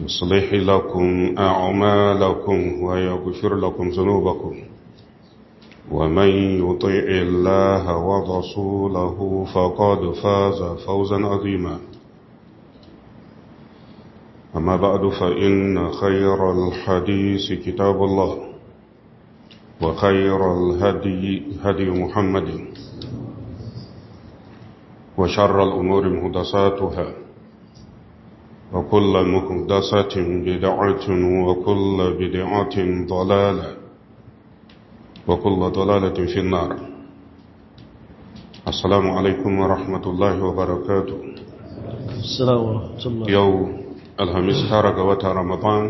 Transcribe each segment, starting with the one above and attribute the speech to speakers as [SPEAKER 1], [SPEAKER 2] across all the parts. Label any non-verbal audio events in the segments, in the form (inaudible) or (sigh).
[SPEAKER 1] يصلح لكم أعمالكم ويغفر لكم ذنوبكم ومن يطيع الله ورسوله فقد فاز فوزا عظيما أما بعد فإن خير الحديث كتاب الله وخير الهدي هدي محمد وشر الأمور مهدساتها وكل مقدسة بدعة وكل بدعة ضلالة وكل ضلالة في النار السلام عليكم ورحمة الله وبركاته السلام ورحمة الله يوم الهمس تارق وتا رمضان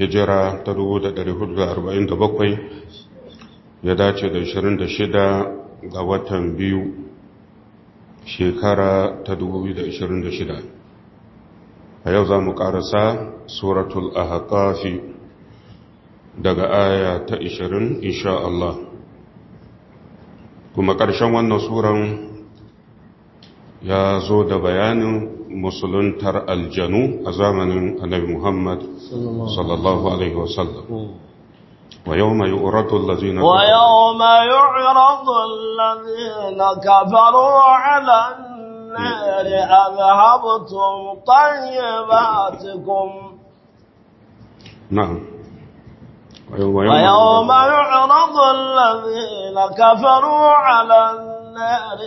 [SPEAKER 1] هجرة تدود دريهود أربعين دبقوي يداتي دشرين دشدة غواتا بيو شكرا تدود دشرين دشدة a yau za mu ƙarasa suratul ahakafi daga aya ta 20 insha Allah kuma ƙarshen wannan suran ya zo da bayanin musuluntar aljanu a zamanin annabi Muhammad sallallahu alaihi wasallam ويوم يعرض الذين ويوم
[SPEAKER 2] يعرض الذين كفروا على النار أذهبتم طيباتكم نعم ويوم يعرض الذين كفروا على النار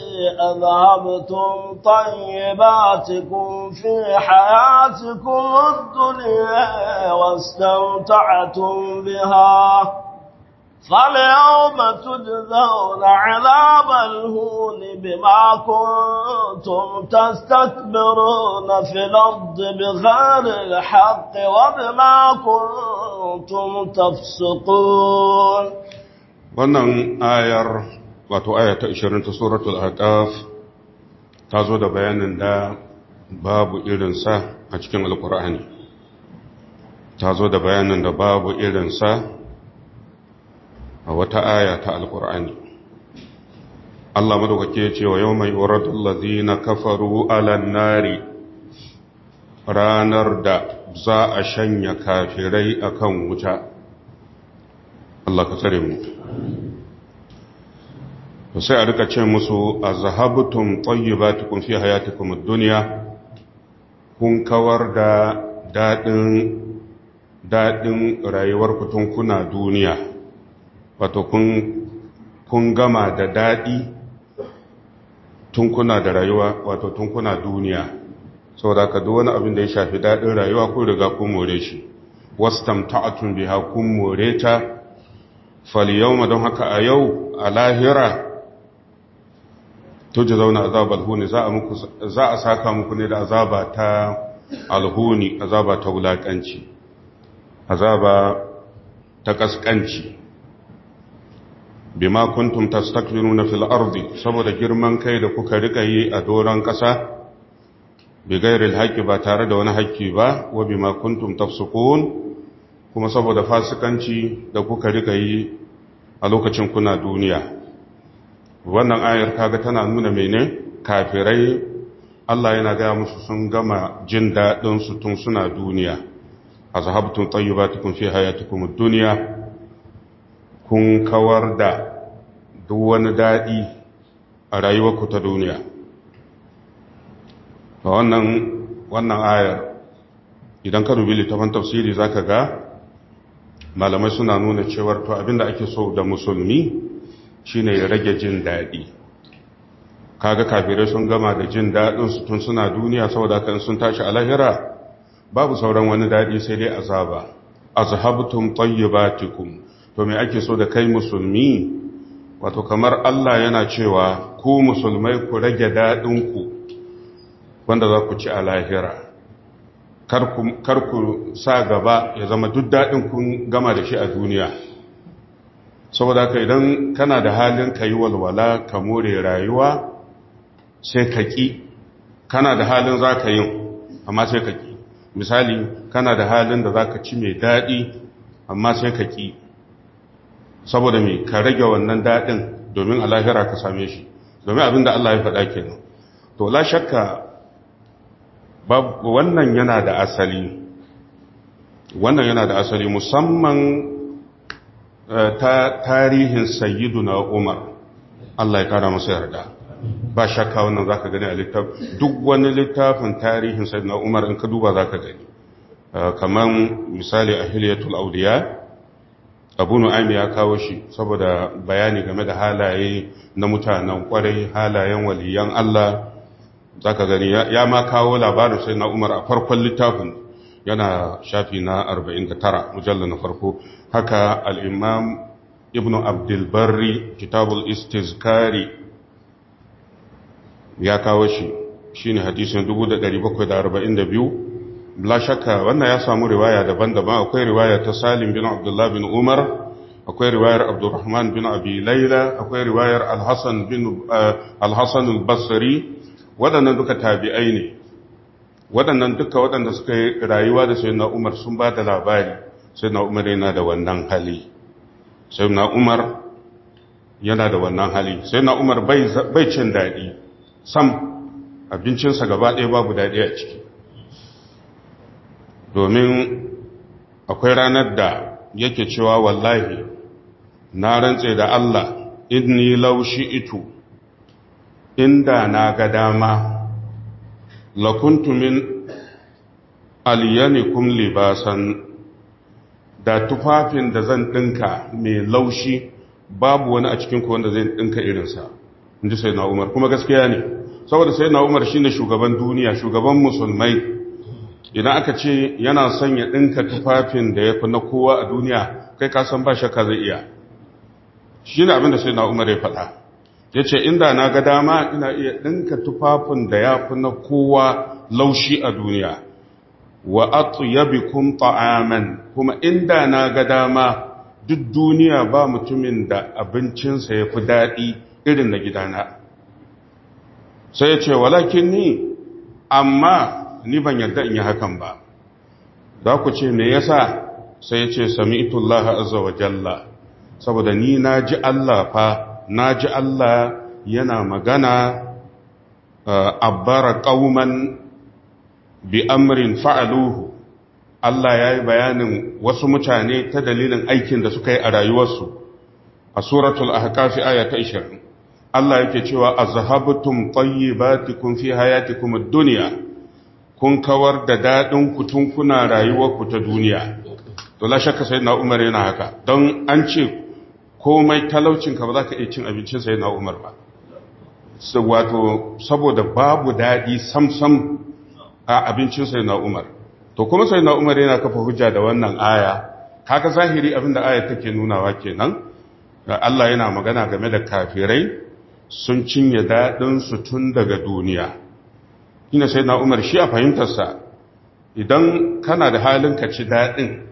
[SPEAKER 2] أذهبتم طيباتكم في حياتكم الدنيا واستمتعتم بها فاليوم تجزون عذاب الهون بما كنتم تستكبرون في الأرض بغير الحق وبما كنتم تفسقون
[SPEAKER 1] wannan ayar wato aya ta 20 ta suratul ahqaf ta zo da bayanin da babu irinsa a cikin alkur'ani ta zo da bayanin da babu irinsa a wata aya ta alkur'ani Allah madaukake ya ce wa yau mai uradun lazina kafaru alan nari ranar da za a shanya kafirai akan wuta Allah ka tsare mu sai a rika ce musu a zahabutun tsayyubatukun fi hayatukun duniya kun kawar da daɗin rayuwar kutunkuna duniya wato kun gama da daɗi tunkuna da rayuwa wato tunkuna duniya saboda ka duk wani abin da ya shafi daɗin rayuwa ko riga kun more shi wastamta'atun biha kun more ta ma don haka a yau a lahira tuji zauna azab alhuni za a saka muku ne da azaba ta alhuni azaba ta wulakanci azaba ta kaskanci bima kuntum tastakbiruna fil ardi saboda girman kai da kuka rika yi a doron kasa bi gairil haqqi ba tare da wani haƙƙi ba wa bima kuntum tafsukun kuma saboda fasikanci da kuka rika yi a lokacin kuna duniya wannan ayar kaga tana nuna mene kafirai Allah yana gaya musu sun gama jin daɗin su tun suna duniya azhabtum tayyibatukum fi hayatikum ad-dunya kun kawar da duk wani daɗi a rayuwarku ta duniya a wannan ayar idan ka dubi littafin tafsiri za ka ga malamai suna nuna cewar to abinda ake so da musulmi shine ya rage jin daɗi kaga kafirai sun gama da jin daɗin su tun suna duniya saboda kan sun tashi a lahira babu sauran wani daɗi sai dai azaba azhabtum tayyibatikum to me ake so da kai musulmi wato kamar Allah yana cewa ku musulmai ku rage daɗinku wanda za ku ci a lahira kar ku sa gaba ya zama duk daɗin kun gama da shi a duniya saboda ka idan kana da halin ka yi walwala ka more rayuwa sai ka ƙi kana da halin za ka yin amma sai ka ƙi misali kana da halin da za ka ci mai daɗi amma sai ka ƙi saboda me ka rage wannan daɗin domin a lahira ka same shi domin abin da Allah ya faɗa ke kenan to la shakka wannan yana da asali wannan yana da asali musamman eh, ta tarihin sayyiduna umar Allah ya kara masa yarda ba shakka wannan za ka gani a littafi. duk wani littafin tarihin sayyiduna umar in ka duba za ka gani eh, kaman misali a hilyatul auliya abu nu'aym ya kawo shi saboda bayani game da halaye na mutanen kwarai halayen waliyan Allah zaka gani ya ma kawo labarin sai na Umar a farkon littafin yana shafi na 49 mujalla na farko haka al-imam ibn abdul kitabul istizkari ya kawo shi shine hadisin 1742 la shakka wannan ya samu riwaya daban-daban akwai riwaya ta salim bin abdullah bin umar akwai riwayar abdurrahman bin abi laila akwai riwayar alhassan bin eh, alhassan al-basri waɗannan duka tabi'ai ne waɗannan duka waɗanda suka yi rayuwa da sayyidina umar sun ba da labari sayyidina umar yana da wannan hali sayyidina umar yana da wannan hali sayyidina umar bai cin daɗi sam abincinsa gaba ɗaya babu daɗi a ciki domin akwai ranar da yake cewa wallahi na rantse da Allah inni laushi itu inda na ga dama lakuntumin min libasan da tufafin da zan ɗinka mai laushi babu wani a cikin ku wanda zai ɗinka irinsa sai na Umar kuma gaskiya ne saboda sai na Umar shine shugaban duniya shugaban musulmai idan aka ce yana son ya ɗinka tufafin da ya fi na kowa a duniya kai ka san ba shakka zai iya shi ne abinda sai na umar ya faɗa ya ce inda na ga dama ina iya ɗinka tufafin da ya fi na kowa laushi a duniya wa kun ta'aman kuma inda na ga dama duk duniya ba mutumin da abincinsa ya fi daɗi irin na gidana sai ya ce walakin ni amma ni ban yarda in yi hakan ba za ku ce me yasa sai ya ce sami'tullaha azza wa jalla saboda ni na ji Allah fa na ji Allah yana magana ah, abbara ƙauman bi amrin fa'aluhu Allah ya yi bayanin wasu mutane ta dalilin aikin da suka yi a rayuwarsu a suratul ahqafi aya 20 Allah yake cewa azhabtum tayyibatikum fi hayatikum ad-dunya kun kawar da daɗin tun kuna rayuwarku ta duniya to la shakka sai na umar yana haka don an ce komai talaucinka ba za ka iya cin abincin sai na umar ba wato saboda babu daɗi samsam a abincin sai na umar to kuma sai na umar yana kafa hujja da wannan aya kaga zahiri abin da aya take nunawa kenan Allah yana magana game da kafirai sun cinye daɗinsu tun daga duniya ina sai na umar shi a fahimtarsa idan kana da halin ka ci daɗin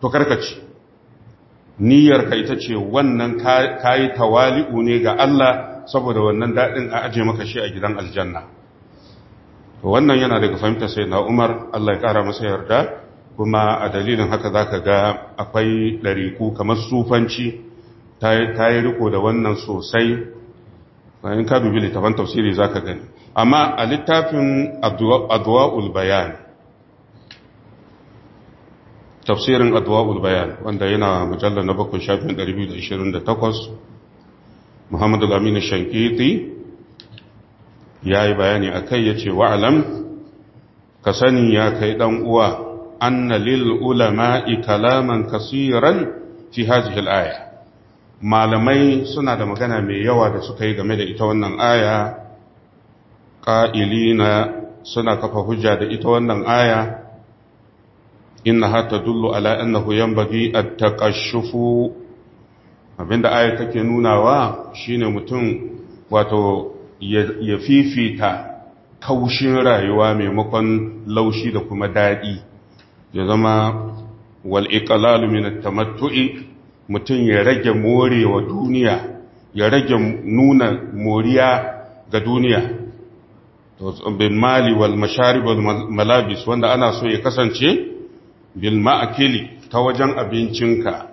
[SPEAKER 1] to ci niyyar ka ita ce wannan ka yi tawali'u ne ga Allah saboda wannan daɗin a aje maka shi a gidan aljanna wannan yana daga fahimtar sai na umar Allah ya ƙara masa yarda kuma a dalilin haka za ka ga akwai ɗariku kamar sufanci ta yi riko da wannan sosai bayan ka dubi littafan tafsiri za ka gani amma a littafin adwa'ul bayan tafsirin adwa'ul bayan wanda yana mujallar na bakwai shafin 228 muhammadu lamini shankiti ya yi bayani a kai ya ce wa'alam ka sani ya kai ɗan uwa anna lil ulama'i kalaman kasiran fi hajjil aya malamai suna da magana mai yawa da suka yi game da ita wannan aya ƙa'ilina suna kafa hujja da ita wannan aya inna hata dullu ala annahu yanbaghi at-taqashshufu abinda aya take nunawa shine mutum wato ya fifita kaushin rayuwa maimakon laushi da kuma daɗi ya zama wal iqlal min at-tamattu'i mutum ya rage morewa duniya ya rage nuna moriya ga duniya bil mali wal masharib malabis wanda ana so ya kasance bil ma'akili ta wajen abincinka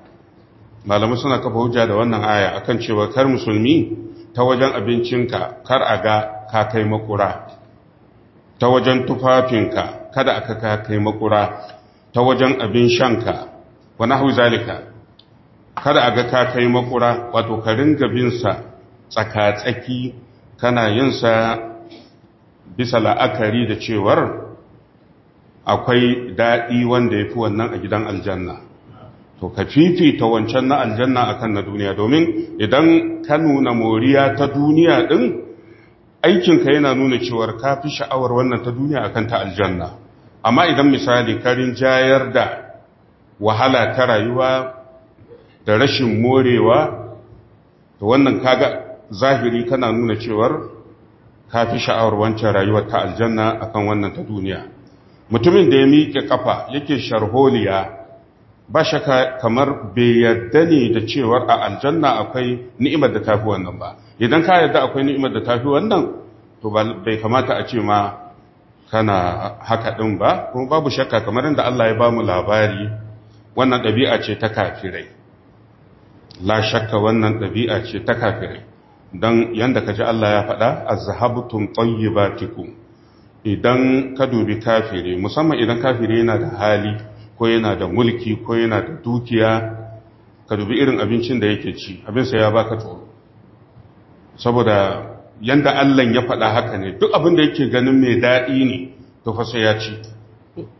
[SPEAKER 1] malamai suna kafa hujja da wannan aya akan cewa kar musulmi ta wajen abincinka kar a ga ka kai makura ta wajen tufafinka kada aka ka kai makura ta wajen abin shanka wa nahwu zalika kada a ga ka kai makura wato ka ringa bin sa tsaka kana yin sa bisa la'akari da cewar akwai daɗi wanda ya fi wannan a gidan aljanna to ka fifita wancan na aljanna akan na duniya domin idan ka nuna moriya ta duniya ɗin aikinka yana nuna cewar ka fi sha'awar wannan ta duniya akan ta aljanna amma idan misali karin jayar da wahala ta rayuwa da rashin morewa to wannan kaga zahiri kana nuna cewar ka fi sha'awar wancan rayuwar ta aljanna akan wannan ta duniya mutumin da ya miƙe ƙafa yake sharholiya ba shaka kamar bai yarda ne da cewar a aljanna akwai ni'imar da ta fi wannan ba idan ka yarda akwai ni'imar da ta fi wannan to bai kamata a ce ma kana haka ɗin ba kuma babu shakka kamar inda Allah ya ba mu labari wannan ɗabi'a ce ta kafirai la shakka wannan ɗabi'a ce ta kafirai don yadda ka ji Allah ya faɗa a zahabtun ba tayyibatikum idan ka dubi kafiri musamman idan kafiri yana da hali ko yana da mulki ko yana da dukiya ka dubi irin abincin da yake ci abinsa ya baka tsoro saboda yadda Allah ya faɗa haka ne duk abin da yake ganin mai daɗi ne to fa ya ci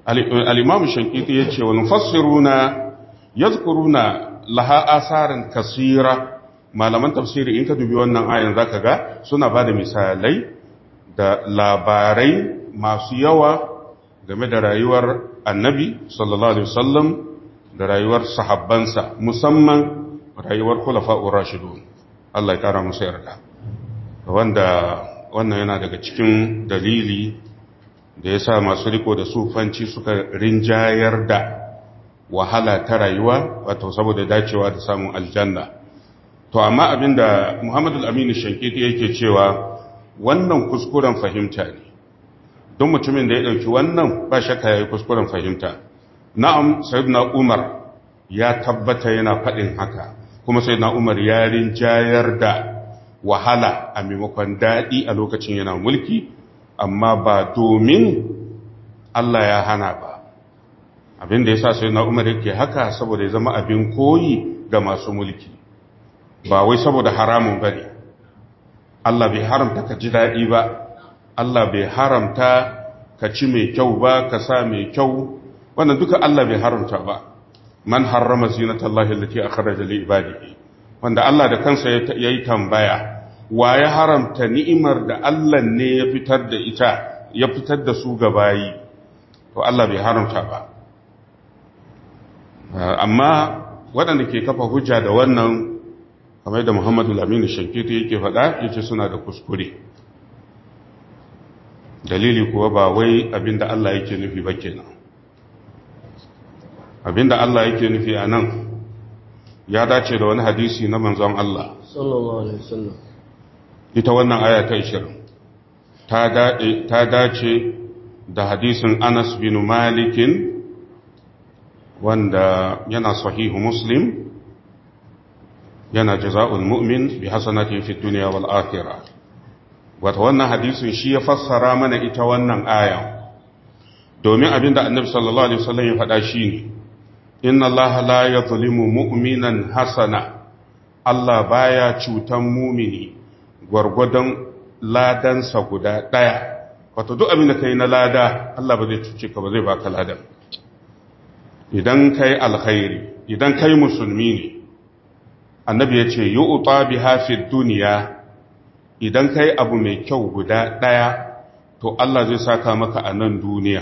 [SPEAKER 1] al ya shankiti wani wa ya yadhkuruna laha asarin kasira malaman tafsiri in ka dubi wannan ayan zaka ga suna ba da misalai da labarai masu yawa game da rayuwar annabi sallallahu alaihi wasallam da rayuwar sahabbansa musamman rayuwar khulafa'ur rashidun Allah ya kara musu yarda wanda wannan yana daga cikin dalili da ya sa masu riko da sufanci suka rinjayar da wahala ta rayuwa wato saboda dacewa da samun aljanna to amma abinda Muhammadu Aminu Shankiti yake cewa wannan kuskuren fahimta ne don mutumin da ya ɗauki wannan ba shakka yi kuskuren fahimta na'am na Umar ya tabbata yana faɗin haka kuma na Umar ya rinjayar da wahala a maimakon daɗi a lokacin yana mulki amma ba domin Allah ya hana ba abinda yasa na Umar yake haka saboda ya zama abin koyi ga masu mulki ba wai saboda haramun bane Allah bai haramta ka ji daɗi ba Allah bai haramta ka ci mai kyau ba ka sa mai kyau wannan duka Allah bai haramta ba man harrama zinatallahi allati akhraja li ibadihi wanda Allah da kansa yayi tambaya wa ya haramta ni'imar da Allah ne ya fitar da ita ya fitar da su ga bayi to Allah bai haramta ba amma waɗanda ke kafa hujja da wannan kamar da muhammadu lamini shankiti yake faɗa yake suna da kuskure dalili kuwa ba wai abinda Allah yake nufi ba kenan abinda Allah yake nufi a nan ya dace da wani hadisi na manzon Allah ita wannan aya ta ta dace da hadisin Anas bin Malikin wanda yana sahihu Muslim yana jaza'un mu'min bi hasanatin fid duniya wal akhirah wata wannan hadisin shi ya fassara mana ita wannan aya domin abinda annabi sallallahu alaihi wasallam ya faɗa shine inna allaha la yadhlimu mu'minan hasana Allah baya cutan mumini gwargwadon ladansa guda ɗaya wato duk abin da kai na lada Allah ba zai cuce ka ba zai baka lada. idan kai alkhairi idan kai musulmi ne annabi ya ce yi'uta bi hafi duniya idan kai abu mai kyau guda ɗaya to Allah zai saka maka a nan duniya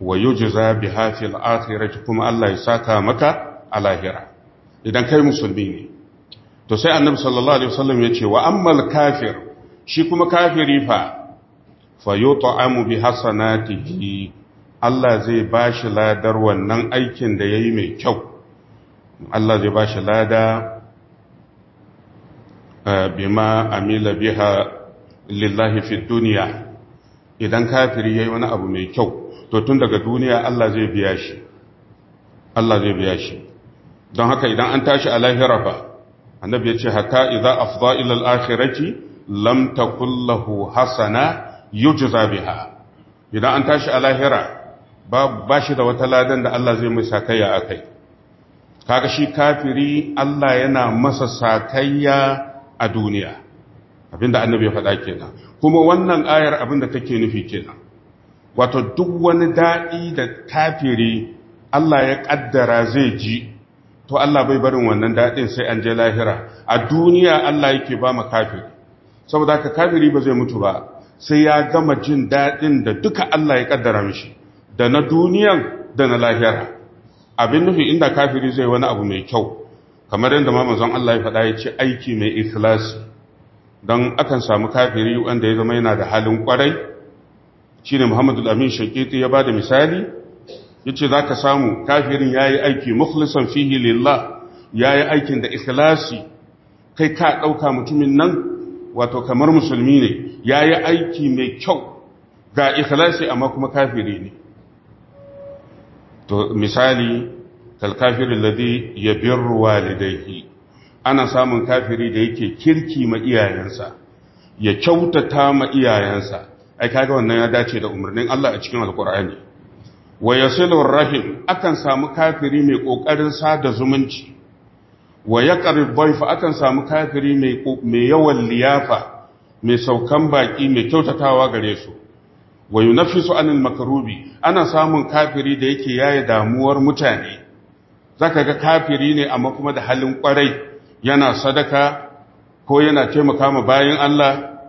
[SPEAKER 1] wa yujza biha fil akhirati kuma Allah ya saka maka a lahira idan kai musulmi ne to sai annabi sallallahu alaihi wasallam ya ce wa ammal kafir shi kuma kafiri fa fa amu bi hasanatihi Allah zai bashi ladar wannan aikin da yayi mai kyau Allah zai bashi lada bima amila biha lillahi fi duniya idan kafiri yayi wani abu mai kyau to tun daga duniya Allah zai biya shi Allah zai biya shi don haka idan an tashi a lahira ba, annabi ya ce hatta idza afdha ila al-akhirati lam takul lahu hasana yujza biha idan an tashi a lahira ba shi da wata ladan da Allah zai mai sakayya akai kaga shi kafiri Allah yana masa sakayya a duniya abinda annabi ya faɗa kenan kuma wannan ayar abinda take nufi kenan wato duk wani daɗi da kafiri Allah ya ƙaddara zai ji to Allah bai barin wannan daɗin sai an je lahira a duniya Allah yake ba ma kafiri saboda ka kafiri ba zai mutu ba sai ya gama jin daɗin da duka Allah ya ƙaddara mishi da na duniyan da na lahira abin nufi inda kafiri zai wani abu mai kyau kamar yadda ma manzon Allah ya faɗa ya ce aiki mai ikhlasi don akan samu kafiri wanda ya zama yana da halin kwarai shi ne muhammadu amin shakiti ya ba da misali ya ce za ka samu kafirin ya yi aiki mukhlisan fihi lillah ya yi aikin da ikhlasi kai ka ɗauka mutumin nan wato kamar musulmi ne ya yi aiki mai kyau ga ikhlasi amma kuma kafiri ne to misali kal kafirin ladhi da walidayhi ana samun kafiri da yake kirki ma iyayensa ya kyautata ma iyayensa ai kaga wannan ya dace da umarnin Allah a cikin alkur'ani wa yasilur rahim akan samu kafiri mai kokarin sada zumunci wa yaqrib akan samu kafiri mai mai yawan liyafa mai saukan baki mai kyautatawa gare su wa yunafisu anil makrubi ana samun kafiri da yake yaye damuwar mutane zaka ga kafiri ne amma kuma da halin kwarai yana sadaka ko yana taimaka ma bayan Allah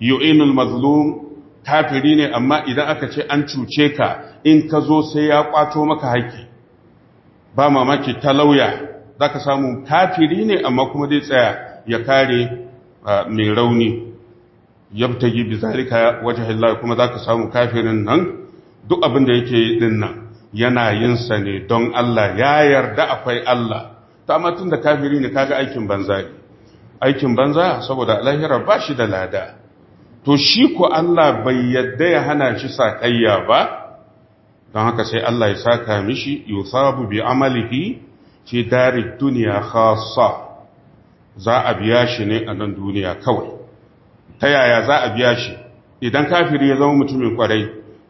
[SPEAKER 1] yu'inul mazlum kafiri ne amma idan aka ce an cuce ka in ka zo sai ya kwato maka haƙƙi ba mamaki ta lauya zaka samu kafiri ne amma kuma zai tsaya ya kare mai rauni yabtagi bizalika wajhillahi kuma zaka samu kafirin nan duk abin da yake yi din yana yin ne don Allah ya yarda akwai Allah ta amma da kafiri ne kaga aikin banza aikin banza saboda lahira ba shi da lada to shi ko Allah bai yadda ya hana shi sakayya ba don haka sai Allah ya saka mishi yusabu bi amalihi fi dari duniya khassa za a biya shi ne a nan duniya kawai ta yaya za a biya shi idan kafiri ya zama mutumin kwarai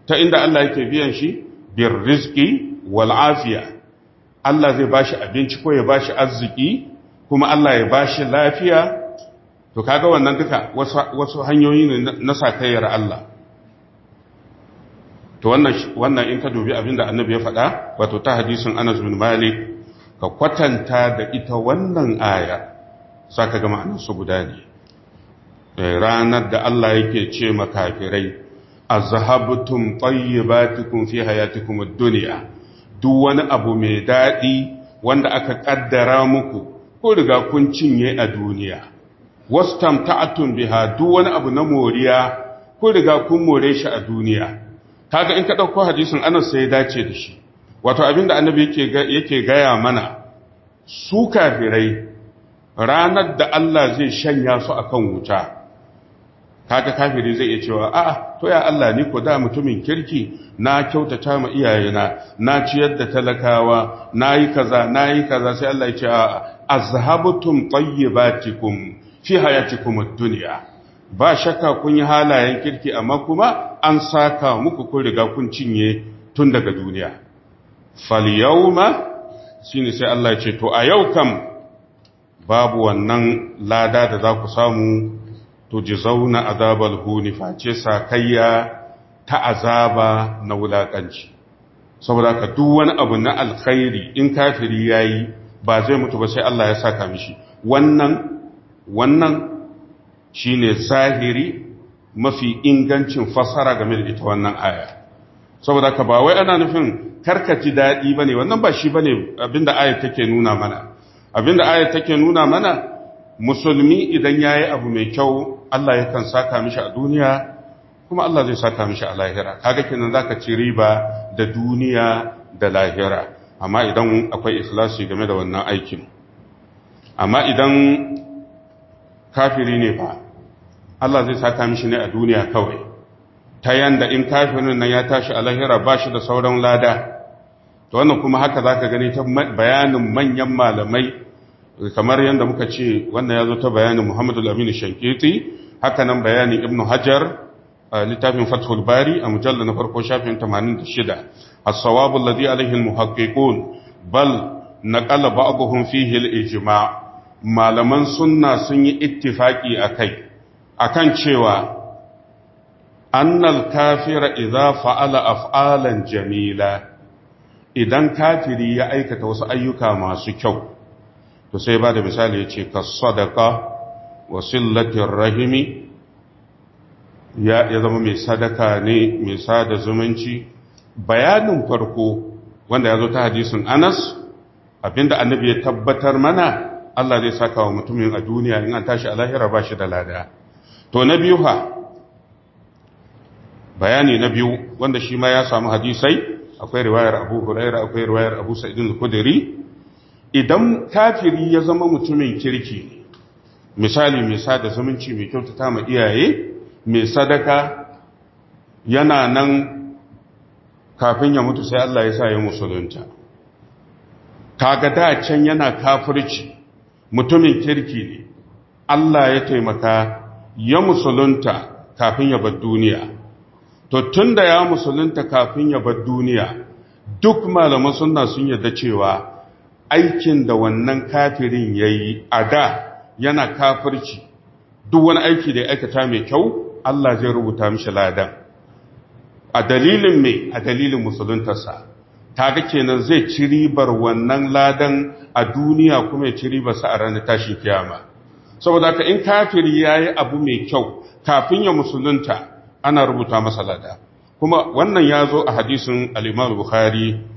[SPEAKER 1] ta inda Allah yake biyan shi bir riski wal Allah zai ba shi abinci ko ya ba shi arziki kuma Allah ya ba shi lafiya to kaga wannan duka wasu hanyoyi ne na sakayyar Allah to wannan in ka dubi abinda annabi ya faɗa wato ta hadisin Anas bin Malik ka kwatanta da ita wannan aya saka ga ma'anar su guda ne eh, ranar da Allah yake ce makafirai azhabtum tayyibatikum fi hayatikum ad-dunya duk wani abu mai dadi wanda aka kaddara muku ko riga kun cinye a duniya wastamta'tum biha duk wani abu na moriya ko riga kun more shi a duniya kaga in ka dauko hadisin Anas sai ya dace da shi wato abinda annabi yake yake gaya mana su kafirai ranar da Allah zai shanya su akan wuta kaga kafiri zai iya cewa a'a to ya Allah ni ko da mutumin kirki na kyautata ma iyayena na ciyar da talakawa nayi kaza nayi kaza sai Allah ya ce a'a azhabtum tayyibatikum fi hayatikum ad-dunya ba shakka kun yi halayen kirki amma kuma an saka muku kun riga kun cinye tun daga duniya fal yawma shine sai Allah ya ce to a yau kam babu wannan lada da za ku samu a azabal huni face sakayya ta azaba na wulakanci saboda ka duk wani abu na alkhairi in kafiri yayi ba zai mutu ba sai Allah ya saka mishi wannan wannan shine zahiri mafi ingancin fasara game da ita wannan aya saboda ka ba wai ana nufin karka ji daɗi bane wannan ba shi bane abinda aya take nuna mana abinda aya take nuna mana musulmi idan yayi abu mai kyau Allah ya yakan saka mishi a duniya kuma Allah zai saka mishi a lahira kaga kenan zaka ci riba da duniya da lahira amma idan akwai ikhlasi game da wannan aikin amma idan kafiri ne fa Allah zai saka mishi ne a duniya kawai ta yanda in kafirin nan ya tashi a lahira ba shi da sauran lada to wannan kuma haka zaka gani ta bayanin manyan malamai kamar yadda muka ce wannan ya zo ta bayanin muhammadu al-aminu shankiti haka nan bayanin ibnu hajar a littafin fathul bari a mujalla na farko shafin 86 as-sawabu alladhi alayhi al-muhaqqiqun bal naqala ba'dhum fihi al-ijma' malaman sunna sun yi ittifaki a akan cewa annal kafira idza fa'ala af'alan jamila idan kafiri ya aikata wasu ayyuka masu kyau to sai ba da misali ya ce ka sadaka wa sillatin rahimi ya zama mai sadaka ne mai sada zumunci bayanin farko wanda ya zo ta hadisin anas abinda annabi ya tabbatar mana Allah zai saka wa mutumin a duniya in an tashi a lahira ba shi da lada to na biyu ha bayani na biyu wanda shi ma ya samu hadisai akwai riwayar abu huraira akwai riwayar abu sa'idin kudiri idan kafiri ya zama mutumin kirki misali mai sada zumunci mai kyautata ma iyaye mai sadaka yana nan kafin ya mutu sai Allah ya sa ya musulunta kaga da can yana kafirci mutumin kirki ne Allah ya taimaka ya musulunta kafin ya bar duniya to tunda ya musulunta kafin ya bar duniya duk malaman sunna sun yarda cewa aikin da wannan kafirin ya yi a da yana kafirci duk wani aiki da ya aikata mai kyau Allah zai rubuta mishi ladan a dalilin mai a dalilin musuluntarsa ta ga kenan zai ci ribar wannan ladan a duniya kuma ya ci ribarsa a ranar tashi kiyama saboda ka in kafiri ya yi abu mai kyau kafin ya musulunta ana rubuta masa lada kuma wannan ya zo a hadisin al'imam bukhari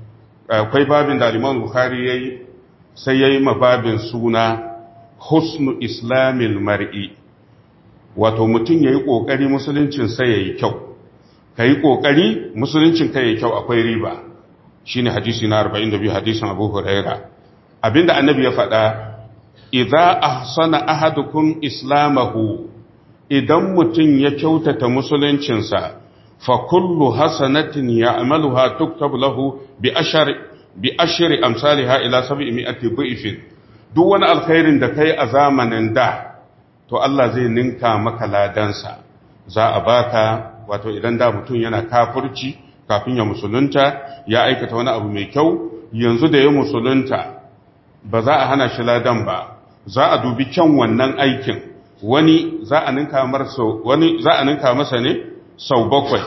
[SPEAKER 1] akwai babin da aliman bukhari ya yi sai ya yi mababin suna husnu islamil mar'i wato mutum ya yi ƙoƙari sai ya yi kyau ka yi ƙoƙari musuluncin ka yi kyau akwai riba shi ne hadisi na 42 hadisin abu huraira abinda annabi ya faɗa idza ahsana ahadukum islamahu idan mutum ya kyautata musuluncinsa fa kullu hasanatin ya'maluha tuktabu lahu bi ashari bi 700 dhifin duk wani alkhairin da kai a zamanin da to Allah zai ninka maka ladansa za a baka wato idan da mutum yana kafurci, kafin ya musulunta ya aikata wani abu mai kyau yanzu da ya musulunta ba za a hana shi ladan ba za a dubi kyan wannan aikin wani za a ninka masa ne sau bakwai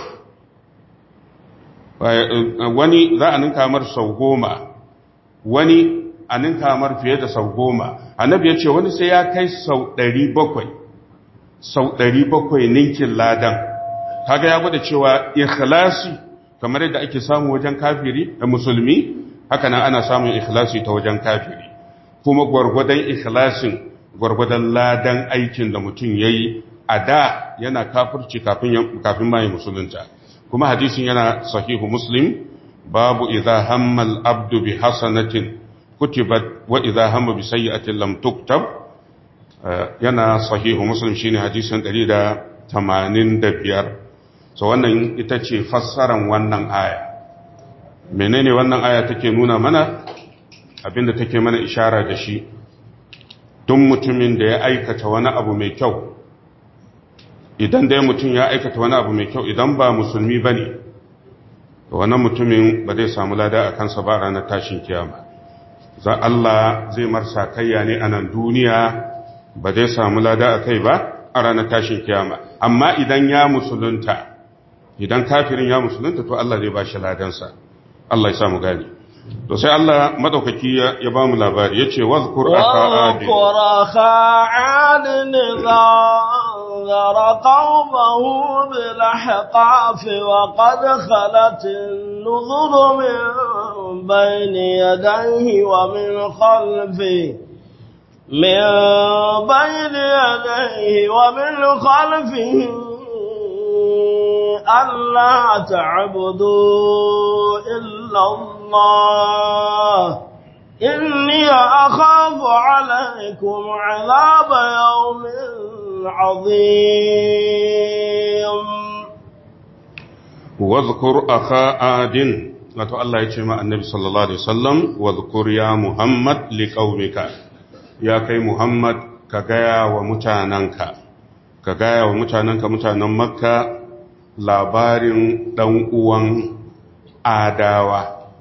[SPEAKER 1] eh, eh, wani za a ninka mar sau goma wani a ninka mar fiye da sau goma annabi ya ce wani sai ya kai sau ɗari bakwai sau ɗari bakwai ninkin ladan kaga ya gwada cewa ikhlasi kamar yadda ake samun wajen kafiri da musulmi hakanan ana samun ikhlasi ta wajen kafiri kuma gwargwadon ikhlasin gwargwadon ladan aikin da mutum ya yi a da yana kafirci kafin mayi musulunta kuma hadisin yana sahihu muslim babu iza hammal abdu bi hasanatin kutibat wa iza hamma bi sayyi'atin lam tuktab eh, yana sahihu muslim shine hadisin 185 so wannan ita ce fassaran wannan aya menene wannan aya take nuna mana abinda take mana ishara da shi duk mutumin da ya aikata wani abu mai kyau idan dai mutum ya aikata wani abu mai kyau idan ba musulmi ba ne wannan mutumin ba zai samu lada a kansa ba ranar tashin kiyama za Allah zai marsa kaiya ne a nan duniya ba zai samu lada a kai ba a ranar tashin kiyama amma idan ya musulunta idan kafirin ya musulunta to Allah zai ba shi ladansa Allah ya samu gani to sai Allah madaukaki ya ba mu labari yace wazkur akha adin
[SPEAKER 2] wazkur adin أنذر قومه بالأحقاف وقد خلت النذر من بين يديه ومن خلفه من بين يديه ومن خلفه ألا تعبدوا إلا الله
[SPEAKER 1] إني
[SPEAKER 2] أخاف عليكم عذاب يوم العظيم
[SPEAKER 1] واذكر أخا عاد wato Allah ya ce ma annabi sallallahu alaihi wasallam wadhkur ya Muhammad liqaumika ya kai Muhammad ka gaya wa mutananka ka gaya wa mutananka mutanen Makka labarin dan uwan Adawa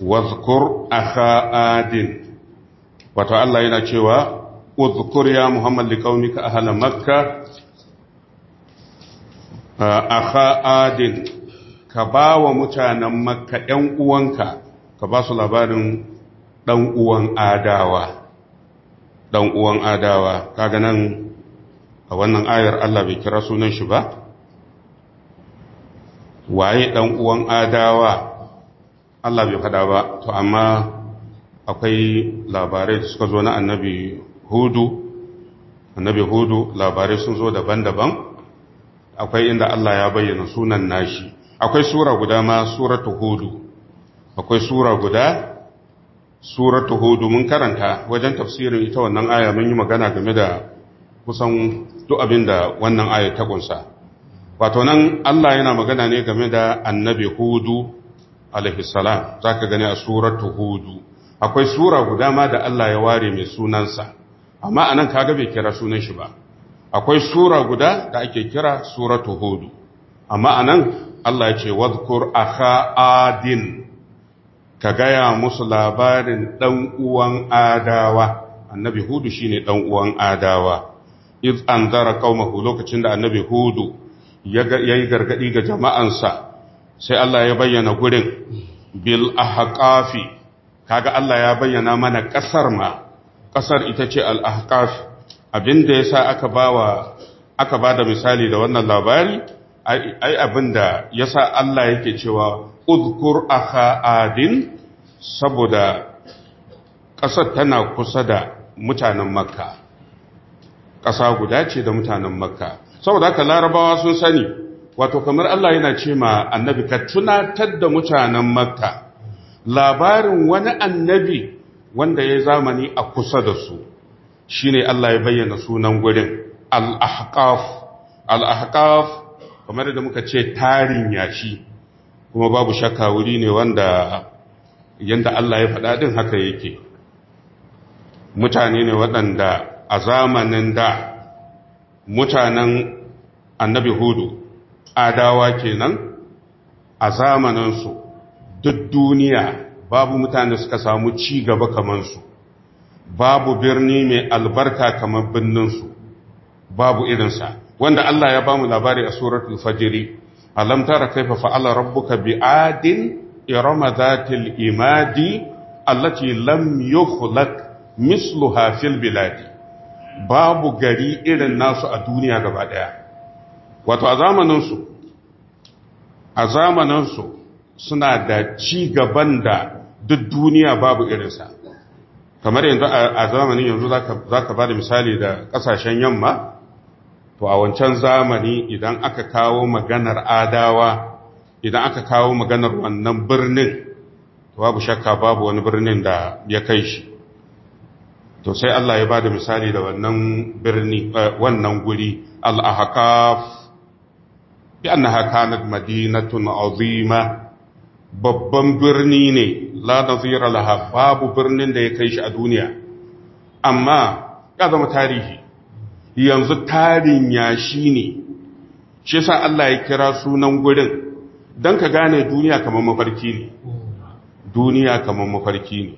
[SPEAKER 1] wadhkur akha Adin wato Allah yana cewa اذكر يا محمد لقومك أهل مكة أخا آدن كباو متانا مكة ينقوانك كباس لبارن ɗan'uwan adawa, ɗan'uwan adawa, kaga nan a wannan ayar Allah bai kira sunan shi ba? Waye ɗan'uwan adawa Allah bai faɗa ba, to amma akwai labarai da suka zo na annabi hudu annabi hudu labarai sun zo daban-daban akwai inda Allah ya bayyana sunan nashi akwai sura guda ma suratu hudu akwai sura guda suratu hudu mun karanta wajen tafsirin ita wannan aya mun yi magana game da kusan duk abin da wannan aya ta kunsa wato nan Allah yana magana ne game da annabi hudu alaihi salam zaka gani a suratu hudu akwai sura guda ma da Allah ya ware mai sunansa amma anan kaga bai kira sunan shi ba akwai sura guda da ake kira suratu hudu amma anan Allah ya ce wadhkur akha adin ka gaya musu labarin dan uwan adawa annabi hudu shine dan uwan adawa iz zara qaumahu lokacin da annabi hudu yayi gargadi ga jama'ansa sai Allah ya bayyana gurin bil ahqafi kaga Allah ya bayyana mana kasar ma ƙasar ita ce abin abinda ya sa aka ba da misali da wannan labari ai abinda ya sa Allah yake cewa uzkur aka adin saboda ƙasar tana kusa da mutanen makka ƙasa guda ce da mutanen makka saboda haka larabawa sun sani wato kamar Allah yana ce ma annabi ka tunatar da mutanen makka labarin wani annabi wanda ya zamani a kusa da su shine Allah ya bayyana sunan gurin al’ahakaf al’ahakaf kamar da muka ce tarin yashi kuma babu shakka wuri ne wanda yadda Allah ya faɗa haka yake mutane ne waɗanda a zamanin da mutanen annabi hudu adawa kenan a zamaninsu duk duniya babu mutane suka samu ci gaba kamansu. babu birni mai albarka kamar birnin su babu irinsa wanda Allah ya bamu labari a suratul fajiri alam tara kaifa fa'ala rabbuka bi'adin irama zatil imadi allati lam yukhlaq misluha fil biladi babu gari irin nasu a duniya gaba daya wato a zamanin su a zamanin su suna da ci gaban da duk duniya babu irinsa kamar yanzu a zamanin yanzu za ka ba da misali da ƙasashen yamma to a wancan zamani idan aka kawo maganar adawa idan aka kawo maganar wannan birnin to babu shakka babu wani birnin da ya kai shi to sai Allah ya ba da misali da wannan birni eh, wannan guri al-ahqaf bi annaha kanat madinatun azima babban birni ne la nazira laha babu birnin da ya kai shi a duniya amma ya zama tarihi yanzu tarin ya shi ne shi sa Allah ya kira sunan gurin don ka gane duniya kamar mafarki ne duniya kamar mafarki ne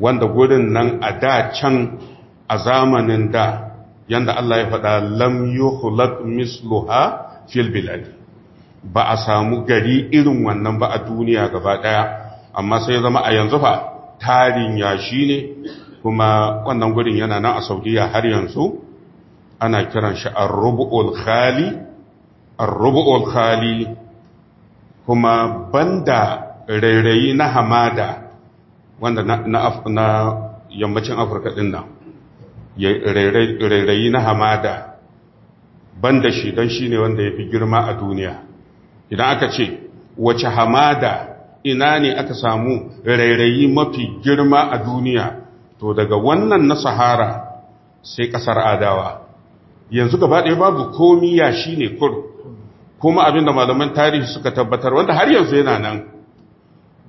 [SPEAKER 1] wanda gurin nan a da can a zamanin da yanda Allah ya faɗa lam yukhlaq misluha fil bilad ba a samu gari irin wannan ba a duniya gaba ɗaya. amma sai zama a yanzu fa tarin ya ne kuma wannan gurin yana nan a saudiya har yanzu ana kiran shi a rubu'ul khali a rubu'ul khali kuma banda rairayi na hamada wanda na yammacin afirka din nan rairayi na hamada banda shi don shi ne wanda ya fi girma a duniya idan aka ce wace hamada ina ne aka samu rairayi mafi girma a duniya to daga wannan na sahara sai ƙasar adawa yanzu gaba ɗaya babu komi shi ne kur kuma abinda da malaman tarihi suka tabbatar wanda har yanzu yana nan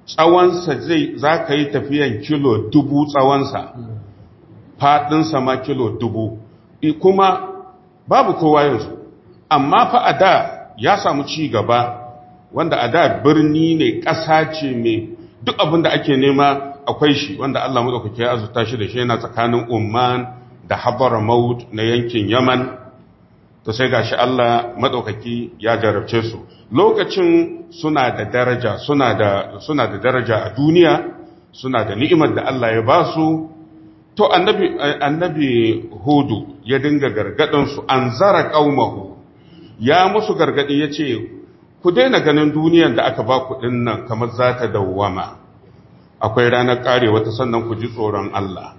[SPEAKER 1] tsawonsa zai za ka yi tafiyan kilo dubu tsawonsa faɗinsa ma kilo dubu kuma babu kowa yanzu amma fa a da ya samu ci gaba wanda a da birni ne ƙasa ce mai duk abin da ake nema akwai shi wanda Allah maɗaukaki ya azurta shi da shi yana tsakanin Umman da Hadramaut na yankin Yaman to sai gashi Allah madaukaki ya jarabce su lokacin suna da daraja suna da daraja a duniya suna da ni'imar da Allah ya ba su to annabi annabi Hudu ya dinga gargadansu su anzara ƙaumahu, ya musu gargadi yace ku daina ganin duniyan da aka ba ku din nan kamar za ta dawwama akwai ranar karewa ta sannan ku ji tsoron Allah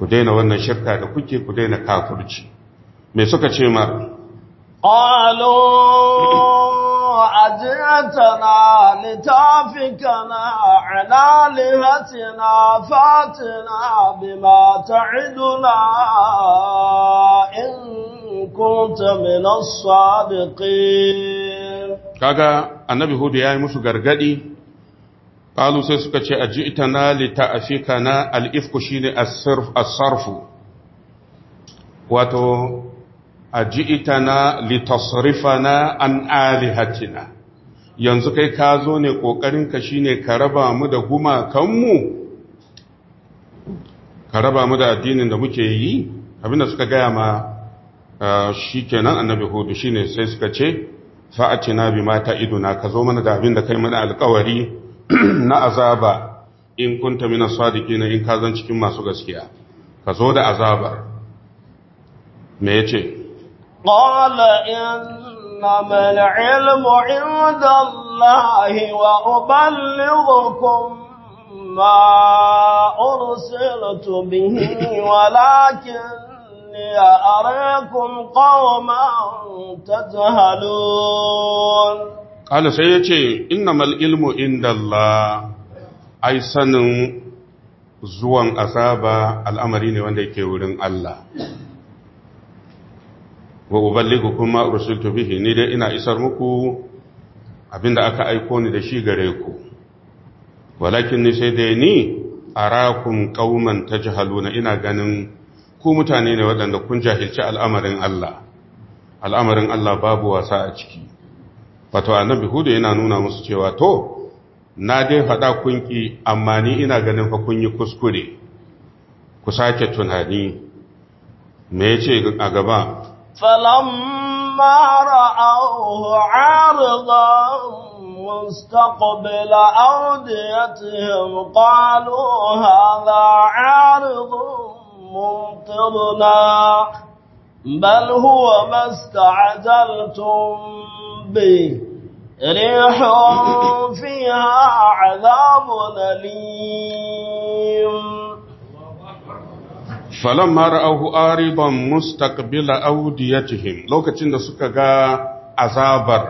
[SPEAKER 1] ku daina wannan shirka da kuke ku daina kafurci me suka ce ma qalo
[SPEAKER 2] ajatana litafikana ala lihatina fatina bima ta'iduna in kunta min as
[SPEAKER 1] kaga annabi hudu ya yi musu gargadi kalu sai suka ce a ji'tana li na al'ifku shi ne a sarfu wato a ji'ita na li na an alihatina yanzu kai ka zo ne kokarin ka ne ka raba mu da gumakanmu ka raba mu da addinin da muke yi abinda suka gaya ma ah, kenan annabi hudu shi ne sai suka ce na bi mata iduna ka zo mana da abin da kai mana alkawari (clears throat) na azaba in kunta mina sadiki na in ka zan cikin masu gaskiya ka zo da azabar me ya ce
[SPEAKER 2] ƙwala إنما العلم عند الله وأبلغكم ما أرسلت به walakin إني أراكم قوما تجهلون
[SPEAKER 1] قال سيأتي إنما العلم عند الله أي سنن zuwan azaba al'amari ne wanda yake wurin Allah. Wa uballigu kuma rusultu bihi ni dai ina isar muku abinda aka aiko ni da shi gare ku. Walakin ni sai dai ni arakun kauman ta jihaluna ina ganin ku mutane ne waɗanda kun jahilci al'amarin Allah al'amarin Allah babu wasa a ciki wato annabi hudu yana nuna musu cewa to na dai faɗa kunki amma ni ina ganin fa kun yi kuskure ku sake tunani me ce a gaba
[SPEAKER 2] falamma أوديتهم قالوا هذا عارض ممطرنا بل هو ما استعجلتم به ريح فيها عذاب أليم
[SPEAKER 1] falamma ra'ahu ariban mustaqbila awdiyatihim lokacin da suka ga azabar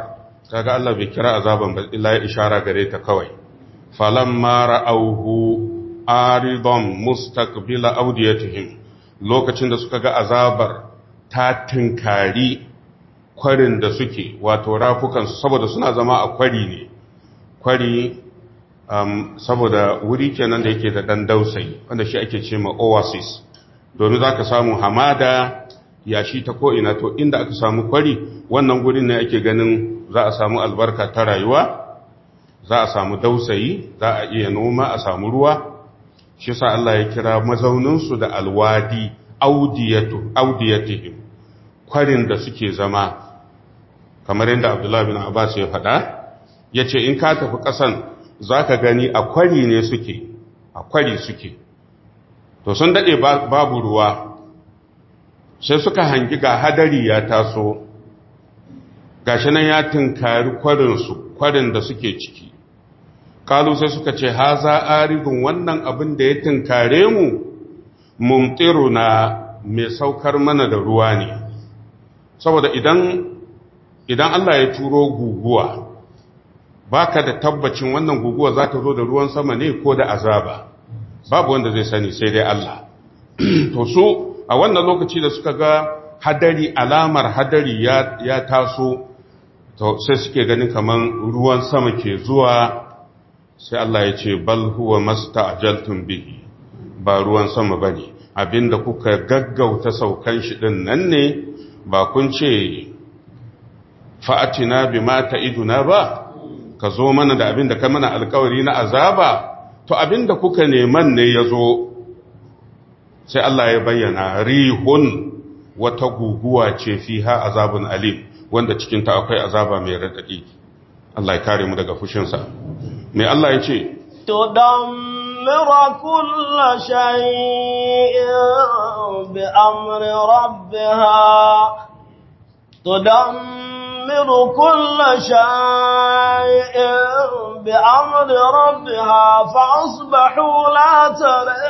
[SPEAKER 1] ga Allah bai kira azabar, ba illa ya ishara gare ta kawai mara auhu. aridon mustaqbila audiyatihim lokacin da suka ga azabar ta tinkari kwarin da suke wato rafukansu saboda suna zama a kwari ne kwari um, saboda wuri kenan da yake da ɗan dausayi wanda shi ake ce ma oasis domin zaka samu hamada yashi ta ko'ina to inda aka samu kwari wannan gurin ne ake ganin za a samu albarka ta rayuwa za a samu dausayi za a iya noma a samu ruwa shi sa Allah ya kira mazauninsu da alwadi audiyatihim kwarin da suke zama kamar yadda abdullahi bin abbas ya faɗa ya ce in ka tafi ƙasan za ka gani a kwari ne suke a kwari suke to sun daɗe babu ruwa sai suka hangi ga hadari ya taso gashi nan ya tunkari kwarinsu kwarin da suke ciki kalu sai suka ce haza rigun wannan abin da ya tinkare mu Mumtiru na mai saukar mana da ruwa ne saboda idan idan Allah ya turo guguwa baka da tabbacin wannan guguwa za ta zo da ruwan sama ne ko da azaba babu wanda zai sani sai dai Allah (clears throat) to su a wannan lokaci da suka ga hadari alamar hadari ya, ya taso to sai suke ganin kaman ruwan sama ke zuwa sai Allah ya ce bal huwa masta, ajaltun bihi ba ruwan sama bane abinda kuka gaggauta saukan shi din nan ne ba kun ce fa'atina bima ta'iduna ba ka zo mana da abinda ka mana alkawari na azaba to abinda kuka neman ne ya zo. sai Allah ya bayyana rihun wata guguwa ce fiha azabun alim wanda cikin ta akwai azaba mai radadi Allah ya kare mu daga fushinsa me Allah ya
[SPEAKER 2] تدمر كل شيء بأمر ربها تدمر كل شيء بأمر ربها فأصبحوا لا ترى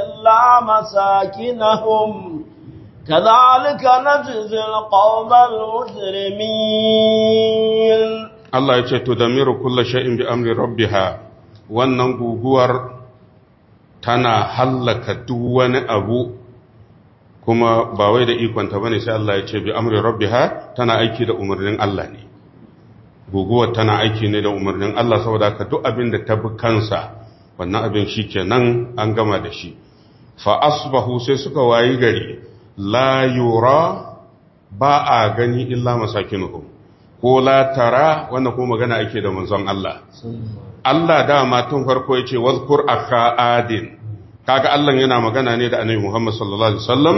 [SPEAKER 2] إلا مساكنهم كذلك نجزي القوم المجرمين
[SPEAKER 1] Allah ya ce tudammiru kulla shay'in bi amri rabbiha wannan guguwar tana hallaka duk wani abu kuma ba wai da ikonta bane sai Allah ya ce bi amri rabbiha tana aiki da umarnin Allah ne guguwar tana aiki ne da umarnin Allah saboda ka duk abin da ta bi kansa wannan abin shikenan an gama da shi fa asbahu sai suka wayi gari la yura ba a gani illa masakinuhum ko latara wannan ko magana ake da manzon Allah Allah dama tun farko yace wazkur akha adin kaga Allah yana magana ne da Annabi Muhammad sallallahu alaihi wasallam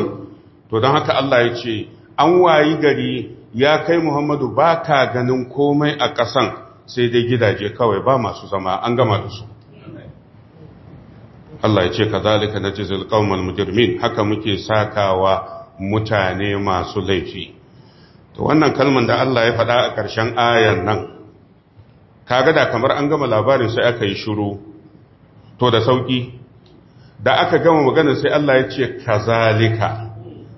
[SPEAKER 1] to dan haka Allah yace an wayi gari ya kai Muhammadu ba ka ganin komai a ƙasan sai dai gidaje kawai ba masu zama an gama da su Allah ya ce kazalika najzil qaumal mujrimin haka muke sakawa mutane masu laifi to wannan kalman da Allah ya faɗa a ƙarshen ayan nan kaga da kamar an gama labarin sai aka yi shiru to da sauki da aka gama maganar sai Allah ya ce kazalika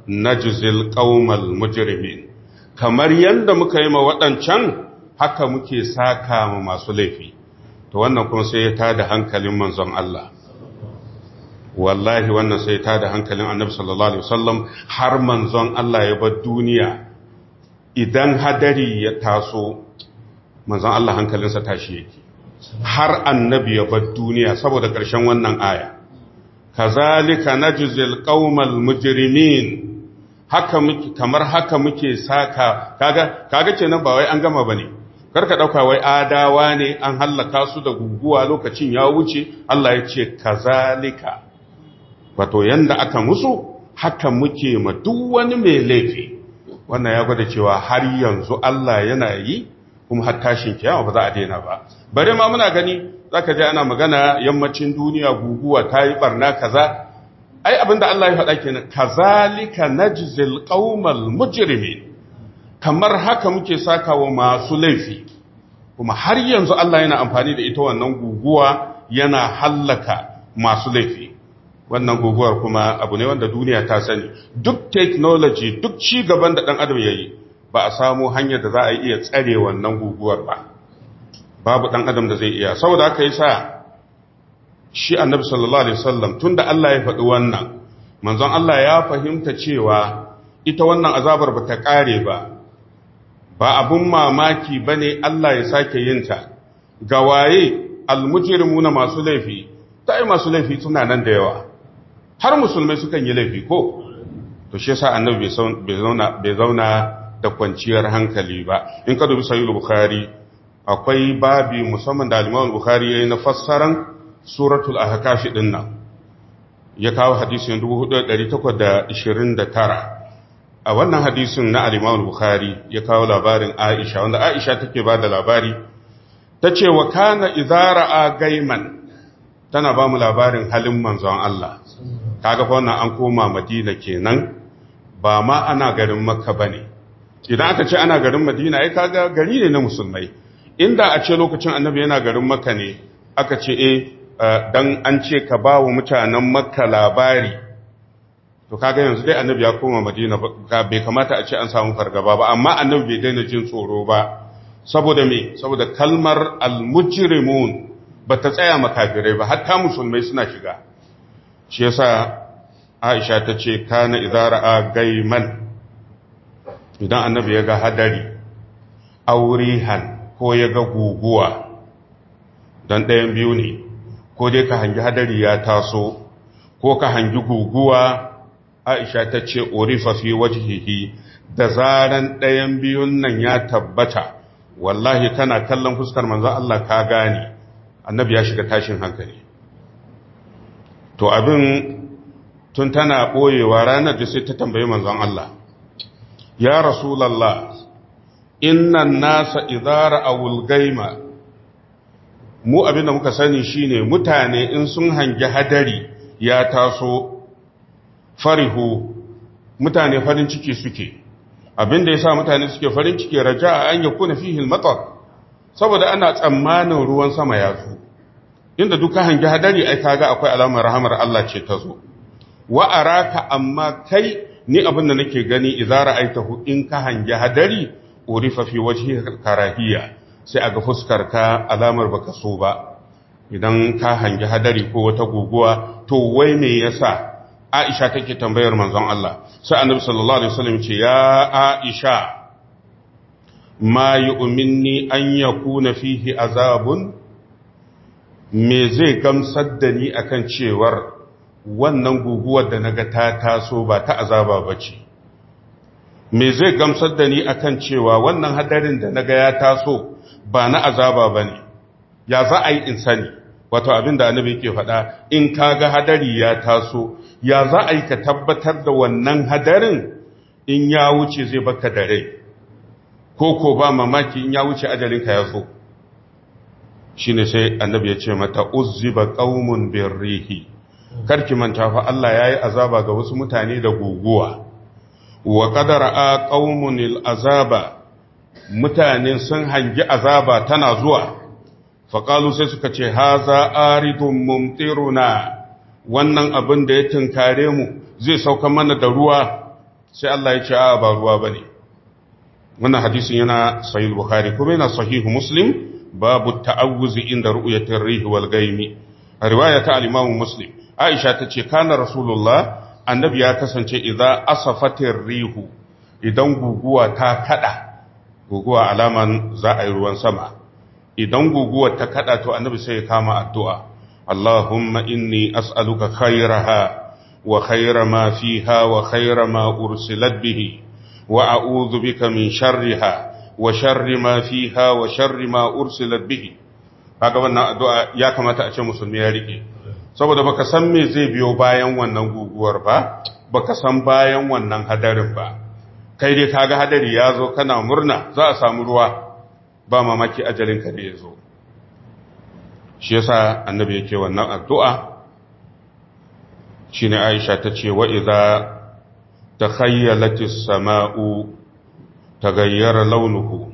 [SPEAKER 1] najzil qaumal mujrimin kamar yadda muka yi ma waɗancan haka muke saka ma masu laifi to wannan kuma sai ya tada hankalin manzon Allah wallahi wannan sai ya tada hankalin annabi sallallahu alaihi wasallam har manzon Allah ya bar duniya idan hadari ya taso manzan Allah hankalinsa tashi yake har annabi ya bar duniya saboda ƙarshen wannan aya kazalika najzil qaumal mujrimin haka muke kamar haka muke saka kaga kaga kenan ba wai an gama bane karka dauka wai adawa ne an hallaka su da guguwa lokacin ya wuce Allah ya ce kazalika wato yanda aka musu haka muke ma duk wani mai laifi wannan ya gwada cewa har yanzu Allah yana yi kuma har tashin kiyama ba za a daina ba bare ma muna gani zaka ji ana magana yammacin duniya guguwa ta yi barna kaza ai abinda Allah ya faɗa kenan kazalika najzil qaumal mujrimin kamar haka muke sakawa masu laifi kuma har yanzu Allah yana amfani da ita wannan guguwa yana hallaka masu laifi wannan guguwar kuma abu ne wanda duniya ta sani duk technology duk ci gaban da dan adam yayi ba a samu hanyar da za a iya tsare wannan guguwar ba babu dan adam da zai iya saboda haka yasa shi annabi sallallahu alaihi wasallam tunda Allah ya faɗi wannan manzon Allah ya fahimta cewa ita wannan azabar ba ta kare ba ba abun mamaki bane Allah ya sake yin ta ga waye almujrimuna masu laifi ta yi masu laifi suna nan da yawa har musulmai sukan yi laifi ko to shi yasa annabi bai zauna bai zauna da kwanciyar hankali ba in ka dubi sahih bukhari akwai babi musamman da al-Imam bukhari yayin na fassaran suratul ahqaf din nan ya kawo hadisin 4829 a wannan hadisin na al-Imam Bukhari ya kawo labarin Aisha wanda Aisha take ba da labari tace wa kana izara ra'a gaiman tana ba mu labarin halin manzon Allah kaga fa wannan an koma madina kenan ba ma ana garin makka bane idan aka ce ana garin madina ai kaga gari ne na musulmai inda a ce lokacin annabi yana garin makka ne aka ce eh, eh dan an ce ka ba wa mutanen makka labari to kaga yanzu dai annabi ya koma madina bai kamata a ce an samu fargaba ba amma annabi bai daina jin tsoro ba saboda me saboda kalmar al-mujrimun ta tsaya makafirai ba hatta musulmai suna shiga shi yasa aisha ta ce kana izara a gaiman idan annabi ya ga hadari aurihan ko ya ga guguwa don ɗayan biyu ne ko dai ka hangi hadari ya taso ko ka hangi guguwa aisha ta ce orifa fi wajihihi da zaran ɗayan biyun nan ya tabbata wallahi kana kallon fuskar manzo Allah ka gane annabi ya shiga tashin hankali to abin tun tana ɓoyewa ranar da sai ta tambayi manzon Allah ya rasulallah innan nasa idara awul gaima mu abin da muka sani shine mutane in sun hangi hadari ya taso farihu mutane farin ciki suke abin da ya sa mutane suke farin ciki raja an yakuna fihi al-matar saboda ana tsammanin ruwan sama ya zo inda duka hangi hadari ai kaga akwai alamar rahamar Allah ce ta zo wa araka amma kai ni abin da nake gani izara ra'aitahu in ka hangi hadari urifa fi wajhi karahiya sai aga fuskar ka alamar baka so ba idan ka hangi hadari ko wata guguwa to wai me yasa Aisha take tambayar manzon Allah sai annabi sallallahu alaihi wasallam ce ya Aisha ma yu'minni an yakuna fihi azabun me zai gamsar da ni akan cewar wannan guguwar da naga ta taso ba ta azaba bace me zai gamsar da ni akan cewa wannan hadarin da naga ya taso ba na azaba bane ya za a yi in sani wato abin da annabi yake faɗa in ka ga hadari ya taso ya za a yi ka tabbatar da wannan hadarin in ya wuce zai baka da rai ko ko ba mamaki in ya wuce ajalinka ya zo Shi ne sai annabi ya ce mata uzziba qaumun birrihi karki manta fa Allah ya yi azaba ga wasu mutane da guguwa wa qadara a ƙaunin azaba mutanen sun hangi azaba tana zuwa faƙalu sai suka ce haza aridun mumtiruna wannan abin da ya tunkare mu zai sauka mana da ruwa sai Allah ya ce a ba ruwa ba ne. wannan hadisin yana sahih bukhari kuma yana sahihu muslim babu ta'awuzi inda ru'yatir rihi wal a riwaya ta al Muslim Aisha ta tace kana Rasulullah annabi ya kasance idza asafatir rihu idan guguwa ta kada guguwa alaman za a yi ruwan sama idan guguwa ta kaɗa to annabi sai ya kama addu'a Allahumma inni as'aluka khairaha wa khaira ma fiha wa khaira ma ursilat bihi wa a'udhu bika min shariha. wa sharri ma fiha wa sharri ma ursilat bihi kaga wannan addu'a ya kamata a ce musulmi ya rike saboda baka san me zai biyo bayan wannan guguwar ba baka san bayan wannan hadarin ba kai dai kaga hadari ya zo kana murna za a samu ruwa ba mamaki ajalin ka da ya zo shi yasa annabi yake wannan addu'a shine Aisha tace wa idza takhayyalat as-sama'u tagayyara launuhu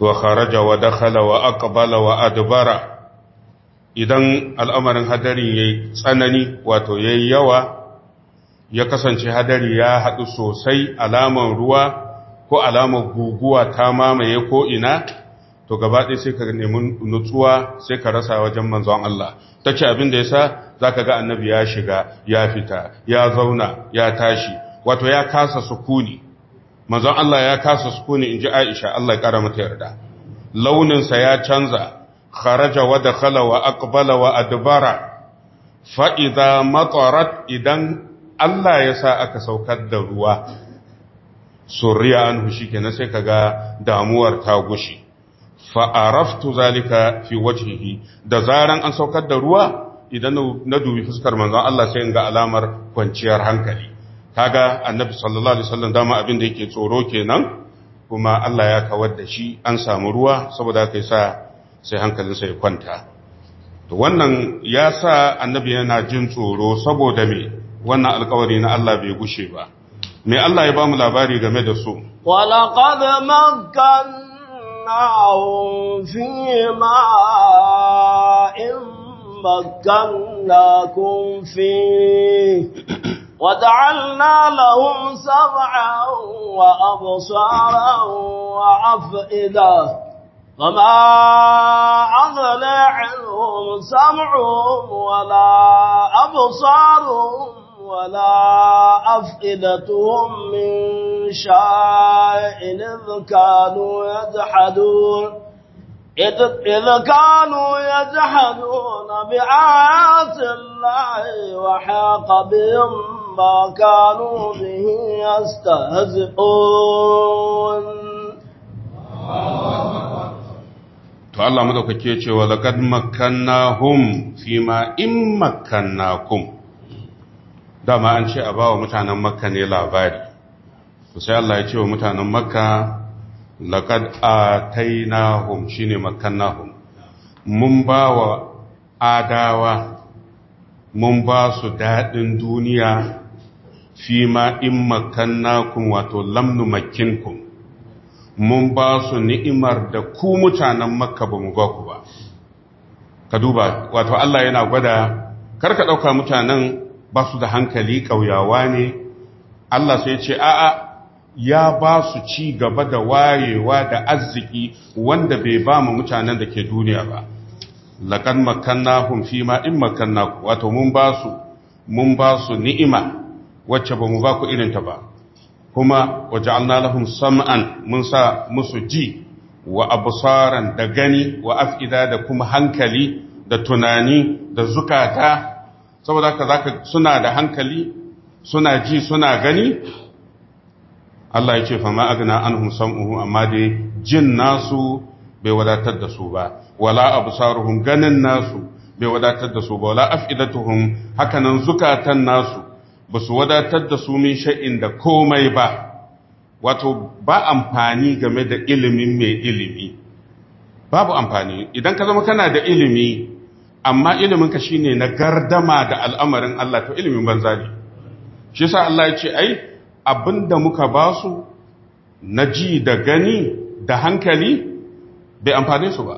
[SPEAKER 1] wa kharaja wa wa aqbala wa adbara idan al'amarin hadarin yayi tsanani wato yayi yawa ya kasance hadari ya haɗu sosai alaman ruwa ko alamar guguwa ta mamaye ko'ina ina to gabaɗe sai ka nemi nutsuwa sai ka rasa wajen manzon Allah ta ce abin da ya sa za ka ga annabi ya shiga ya fita ya zauna ya tashi wato ya kasa sukuni manzon Allah ya kasa sukuni in ji Aisha Allah ya kara mata yarda launinsa ya canza kharaja wa dakhala wa aqbala wa adbara fa idza matarat idan Allah ya sa aka saukar da ruwa surriya anhu shikenan sai kaga damuwar ta gushi fa araftu zalika fi wajhihi da zaran an saukar da ruwa idan na dubi fuskar manzon Allah sai in ga alamar kwanciyar hankali kaga annabi sallallahu alaihi wasallam dama abin da yake tsoro kenan kuma Allah ya kawar da shi an samu ruwa saboda kai sa sai hankalinsa ya kwanta to wannan ya sa annabi yana jin tsoro saboda me wannan alƙawari na Allah bai gushe ba me Allah ya ba mu labari game da su
[SPEAKER 2] walaqad makkannahum fi ma ma'in makkannakum fi وجعلنا لهم سمعا وأبصارا وأفئدة فما أغنى عنهم سمعهم ولا أبصارهم ولا أفئدتهم من شيء إذ كانوا يجحدون إذ, إذ كانوا يجحدون بآيات الله وحاق بهم ما كانوا به يستهزئون
[SPEAKER 1] to Allah madaukake cewa laqad makkannahum fima in makkannakum dama an ce a bawa mutanen makka ne labari to sai Allah ya ce wa mutanen makka laqad atainahum shine makkannahum mun bawa adawa mun ba su dadin duniya fi ma in kun wato lamnu kun mun ba su ni'imar da ku mutanen makka ba mu ba ku ba ka duba wato Allah yana gwada karka ɗauka mutanen ba su da hankali ƙauyawa ne Allah sai ce a'a ya ba su ci gaba da wayewa da arziki wanda bai ba mu mutanen da ke duniya ba laƙan makannahum fi ma in makannakum wato mun ba su mun ba su ni'ima wacce ba mu ba ku irinta ba kuma waja'alna lahum sam'an mun sa musu ji wa absaran da gani wa af'ida da kuma hankali da tunani da zukata saboda haka zaka suna da hankali suna ji suna gani Allah ya ce fa ma agna anhum sam'uhu amma dai jin nasu bai wadatar da su ba wala absaruhum ganin nasu bai wadatar da su ba wala af'idatuhum hakanan zukatan nasu ba su wadatar da su min sha'in da komai ba wato ba amfani game da ilimin mai ilimi babu amfani idan ka zama kana da ilimi amma iliminka shine na gardama da al'amarin Allah to ilimin banza ne shi yasa Allah ya ce ai abinda muka ba su na ji da gani da hankali bai amfane su ba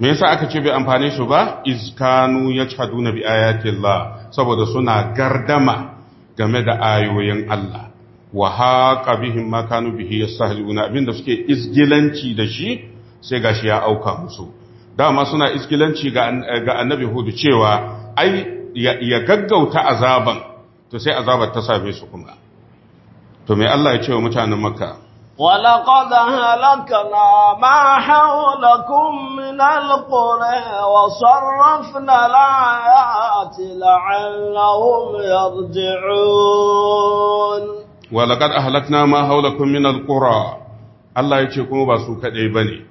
[SPEAKER 1] me yasa aka ce bai amfane su ba iskanu ya yajhaduna bi ayati saboda suna gardama game da ayoyin Allah wa haqa bihim ma kanu bihi yastahzi'una abinda suke isgilanci da shi sai gashi ya auka musu dama suna isgilanci ga annabi hudu cewa ai ya gaggauta azaban to sai azabar ta same su kuma to me Allah ya ce wa mutanen makka
[SPEAKER 2] ولقد هلكنا ما wa من na وصرفنا الساعة لعلهم يرجعون
[SPEAKER 1] ولقد أهلكنا ما حولكم من القرى الله يجي يتشكم باسو كدي بني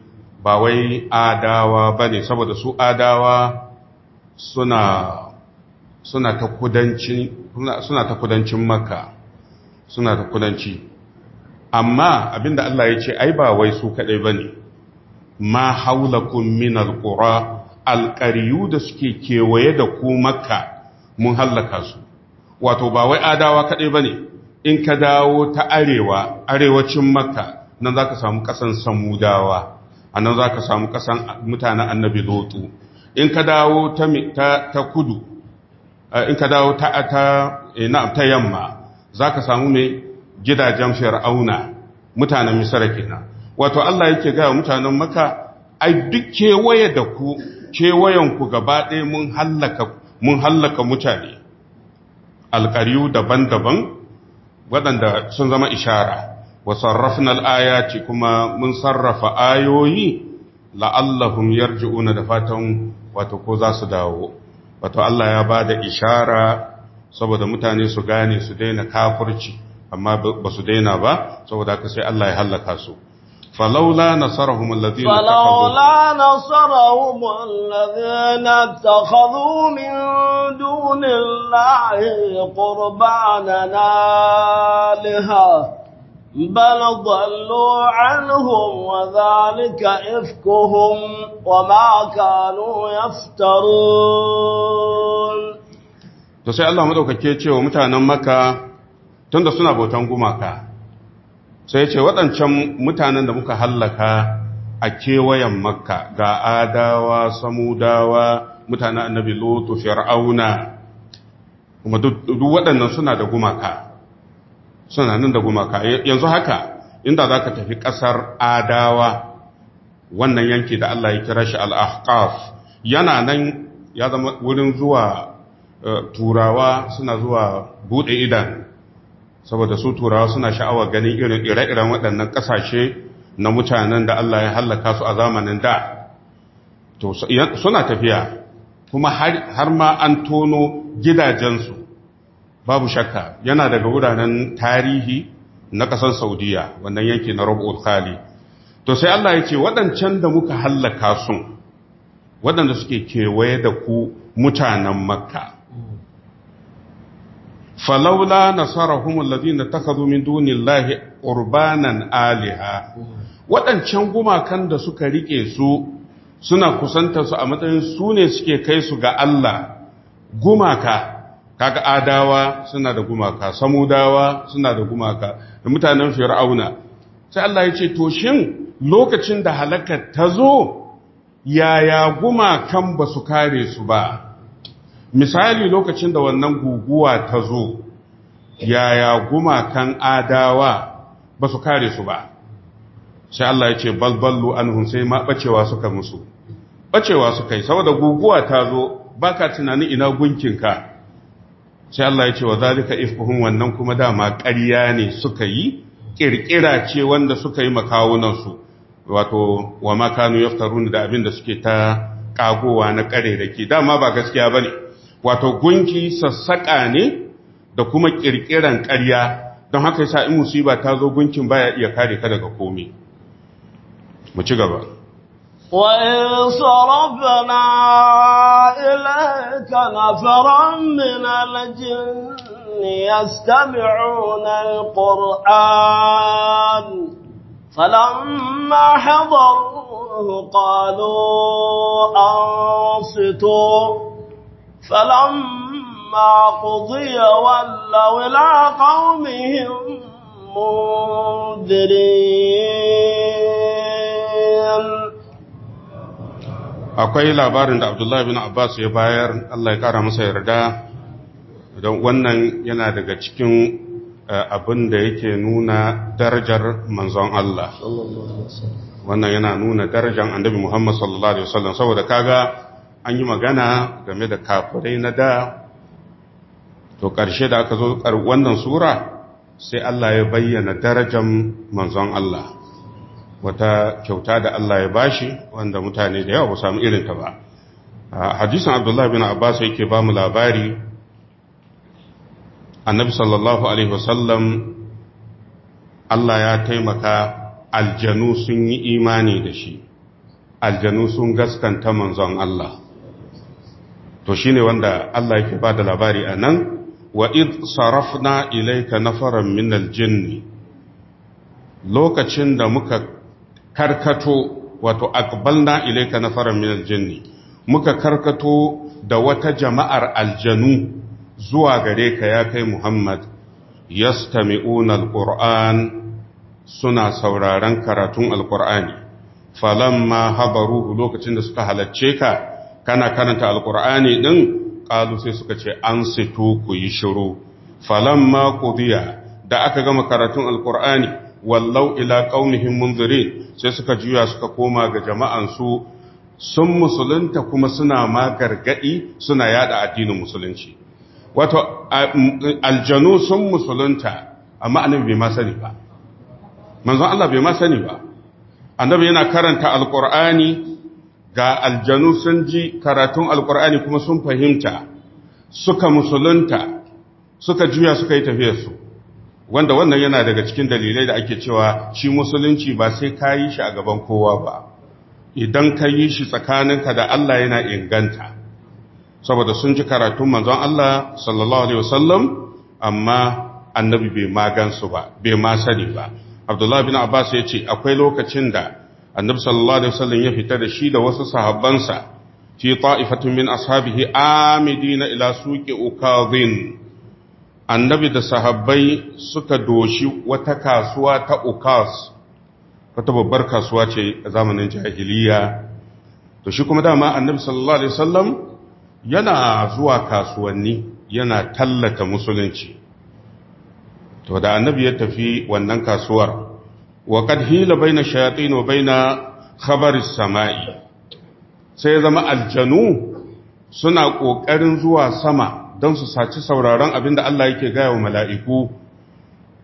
[SPEAKER 1] باوي آداوا بني سبب سو آداوا سنة suna ta kudanci suna ta kudancin makka suna ta kudanci amma abinda Allah ya ce ai ba wai su kadai bane ma haulakum minal qura alƙariyu da suke kewaye da ku makka mun hallaka su wato ba wai adawa kaɗai ba ne in ka dawo ta arewa arewacin makka nan za ka samu ƙasan samudawa a nan za ka samu ƙasan mutanen annabi lotu in ka dawo ta kudu eh, in ka dawo eh, ta yamma za ka samu mai gidajen fir'auna mutanen misira kenan wato Allah yake gaya mutanen maka ai duk kewaye da ku ku gaba ɗaya mun hallaka mutane alƙaryu daban-daban waɗanda sun zama ishara wa sarrafnal ayati kuma mun sarrafa ayoyi la'allahum yarji'una da fatan wato ko za su dawo wato Allah ya bada ishara saboda mutane su gane su daina kafurci, amma ba su daina ba saboda haka sai Allah ya hallaka su فلولا نصرهم الذين فلولا
[SPEAKER 2] نصرهم الذين اتخذوا من دون الله قربانا لها بل ضلوا عنهم وذلك إفكهم وما كانوا
[SPEAKER 1] يفترون تسأل الله مدوك madaukake ya ce تندسنا mutanen Makka sai ce waɗancan mutanen da muka hallaka a kewayen makka ga adawa samudawa mutanen annabi lotu fir'auna kuma duk waɗannan suna da gumaka suna nan da gumaka yanzu haka inda za ka tafi ƙasar adawa wannan yanki da Allah ya kira shi al'ahqaf yana nan ya zama wurin zuwa eh, turawa suna zuwa buɗe idan saboda su turawa suna sha'awar ganin irin ire-iren waɗannan ƙasashe na mutanen da Allah ya hallaka su a zamanin da to suna tafiya kuma har ma an tono gidajensu babu shakka yana daga wuraren tarihi na ƙasar saudiya wannan yanki na Rabu khali to sai Allah ya ce waɗancan da muka hallaka sun waɗanda suke kewaye da ku mutanen makka falaula nasarahum alladhina takhadhu min dunillahi qurbanan aliha waɗancan gumakan da suka riƙe su suna kusanta su a matsayin su ne suke kai su ga Allah gumaka kaga adawa suna da gumaka samudawa suna da gumaka da mutanen fir'auna sai Allah ya ce to shin lokacin da halakar ta zo yaya gumakan ba su kare su ba misali lokacin da wannan guguwa ta zo yaya gumakan adawa ba su kare su ba sai Allah ya ce balballu anhum sai ma bacewa suka musu bacewa suka yi saboda guguwa ta zo baka tunanin ina gunkinka sai Allah ya ce wa zalika ifkuhum wannan kuma dama ƙarya ne suka yi kirkira ce wanda suka yi su, wato wa makanu yaftaruna da abin da suke ta kagowa na kare da ke? dama ba gaskiya bane wato gunki sassaƙa ne da kuma ƙirƙiran ƙarya don haka yasa in musiba ta zo gunkin baya iya kare ka daga komai mu ci gaba
[SPEAKER 2] وإن صرفنا إليك نفرا من الجن يستمعون القرآن فلما حضروه قالوا أنصتوا فلما قضي ولوا إلى قومهم منذرين
[SPEAKER 1] akwai labarin da abdullahi bin abbas ya bayar allah ya kara masa yarda don wannan yana daga cikin eh, abin da yake nuna darajar manzon allah wannan yana nuna darajar annabi muhammad sallallahu alaihi wasallam saboda kaga an yi magana game da kafirai na da to ƙarshe da aka zo wannan sura sai Allah ya bayyana darajar manzon Allah wata kyauta da Allah ya bashi wanda mutane da yawa ba samu irin ta ba hadisin Abdullah bin Abbas yake ba mu labari annabi sallallahu alaihi wasallam Allah ya taimaka aljanu sun yi imani da shi aljanu sun gaskanta manzon Allah to shine wanda Allah yake ba da labari a nan wa'id id sarafna na nafaran min aljinn lokacin da muka karkato wato aqbalna ilayka nafaran min aljinn muka karkato da wata jama'ar aljanu zuwa gare ka ya kai Muhammad yastami'una alquran suna sauraron karatun Falon ma habaru lokacin da suka halacce ka kana karanta alkur'ani din qalu sai suka ce an situ ku yi shiru falamma qudiya da aka gama karatun alkur'ani wallau ila qaumihim munzirin sai suka juya suka koma ga jama'an su sun musulunta kuma suna ma gargadi suna yada addinin musulunci wato aljanu sun musulunta amma annabi bai ma sani ba manzon Allah bai ma sani ba annabi yana karanta alkur'ani ga aljanu sun ji karatun alkur'ani kuma sun fahimta suka musulunta suka juya suka yi su. wanda wannan yana daga cikin dalilai da ake cewa shi musulunci ba sai ka yi shi a gaban kowa ba idan ka yi shi tsakaninka da Allah yana inganta saboda sun ji karatun manzon Allah sallallahu alaihi wasallam amma annabi bai magansu ba bai ma sani ba abdullahi bin abbas ya ce akwai lokacin da annabi sallallahu alaihi wasallam ya fita da shi da wasu sahabbansa fi ta'ifatin min ashabihi amidina ila suqi ukazin annabi da sahabbai suka doshi wata kasuwa ta Ukas. wata babbar kasuwa ce a zamanin jahiliya to shi kuma dama annabi sallallahu alaihi wasallam yana zuwa kasuwanni yana tallata musulunci to da annabi ya tafi wannan kasuwar wa qad hila baina shayatin wa baina sama'i sai zama aljanu suna kokarin zuwa sama don su saci sauraron abinda Allah yake gaya wa mala'iku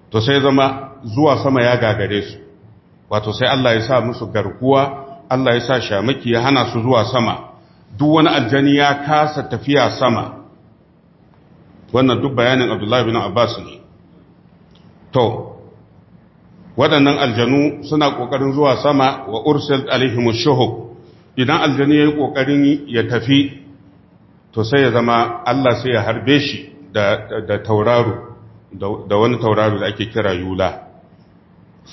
[SPEAKER 1] to sai zama zuwa sama ya gagare su wato sai Allah ya sa musu garkuwa Allah ya sa shamaki ya hana su zuwa sama duk wani aljani ya kasa tafiya sama wannan duk bayanin Abdullahi bin Abbas ne to waɗannan aljanu suna ƙoƙarin zuwa sama wa ursal alaihimu shuhu idan aljanu ya yi ƙoƙarin ya tafi to sai ya zama Allah sai ya harbe shi da tauraro da wani tauraro da ake kira yula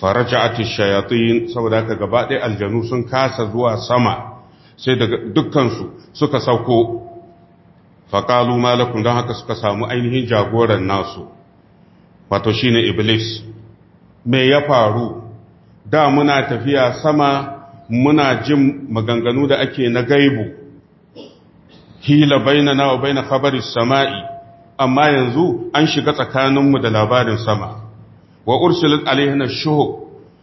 [SPEAKER 1] faraja'ati shayatin saboda haka gaba ɗaya aljanu sun kasa zuwa sama sai daga dukkansu suka sauko faƙalu malakun don haka suka samu ainihin jagoran nasu wato shine iblis me ya faru da muna tafiya sama muna jin maganganu da ake na gaibu hila baina na wa baina khabari sama'i amma yanzu an shiga tsakaninmu da labarin sama wa ursilat alaihin shuhub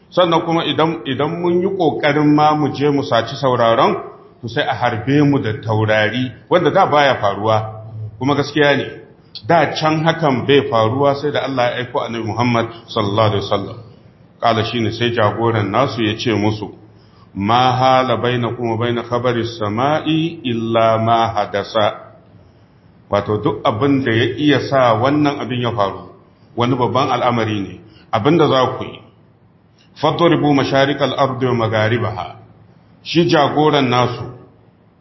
[SPEAKER 1] sannan kuma idan mun yi ƙoƙarin ma mu je mu saci sauraron to sai a harbe mu da taurari wanda da baya faruwa kuma gaskiya ne da can hakan bai faruwa sai da Allah ya aiko annabi Muhammad sallallahu alaihi wasallam kala shine sai jagoran nasu ya ce musu ma hala bainakum wa bain khabari samai illa ma hadasa wato duk abin da ya iya sa wannan abin ya faru wani babban al'amari ne abinda za ku yi fadribu masharikal ardi wa magaribaha shi jagoran nasu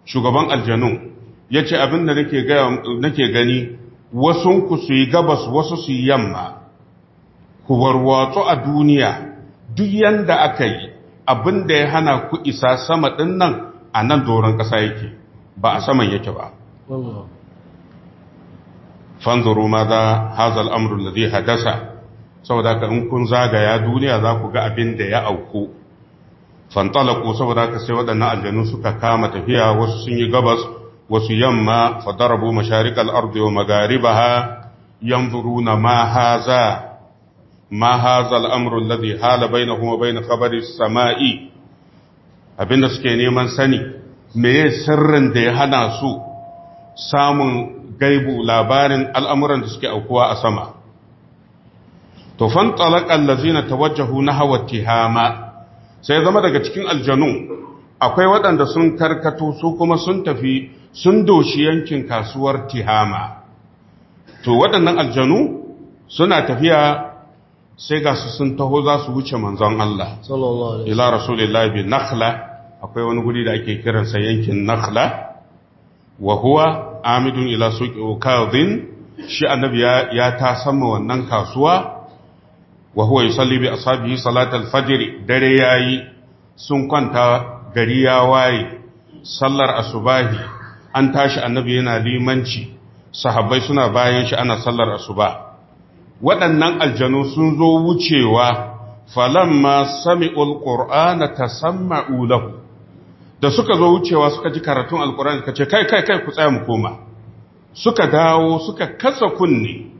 [SPEAKER 1] shugaban aljanu yace abin da nake gani wasun ku su yi gabas wasu su yi yamma ku warwatsu a duniya duk yanda aka yi abin da ya hana ku isa sama ɗin nan a nan doron ƙasa yake ba a saman yake ba fanzuru ma za hazal da zai hadasa saboda ka in kun zagaya duniya za ku ga abin da ya auku fantalaku saboda ka sai waɗannan aljanu suka kama tafiya wasu sun yi gabas wasu yamma fadarabu masharikal ardi wa magaribaha yanzuruna ma haza ma haza al'amru alladhi hala kuma bai na khabari samai abinda suke neman sani meye sirrin da ya hana su samun gaibu labarin al'amuran da suke aukuwa a sama To talakan lazina ta wajahu na hawa tihama sai zama daga cikin aljanu akwai waɗanda sun karkato su kuma sun tafi sun doshi yankin kasuwar tihama to waɗannan aljanu suna tafiya sai ga su sun taho za su wuce manzon Allah ila rasulillahi bi nakhla akwai wani guri da ake kiransa yankin nakhla wa huwa amidun ila suqi ukadhin shi annabi ya ta sama wannan kasuwa wa huwa yusalli bi ashabihi salatal fajr dare yayi sun kwanta gari ya waye sallar asubahi an tashi annabi yana limanci sahabbai suna bayan shi ana sallar asuba waɗannan aljanu sun zo wucewa falamma sami'ul qur'ana tasamma'u lahu da suka zo wucewa suka ji karatun alqur'ani ce kai kai kai ku tsaya mu koma suka dawo suka kasa kunne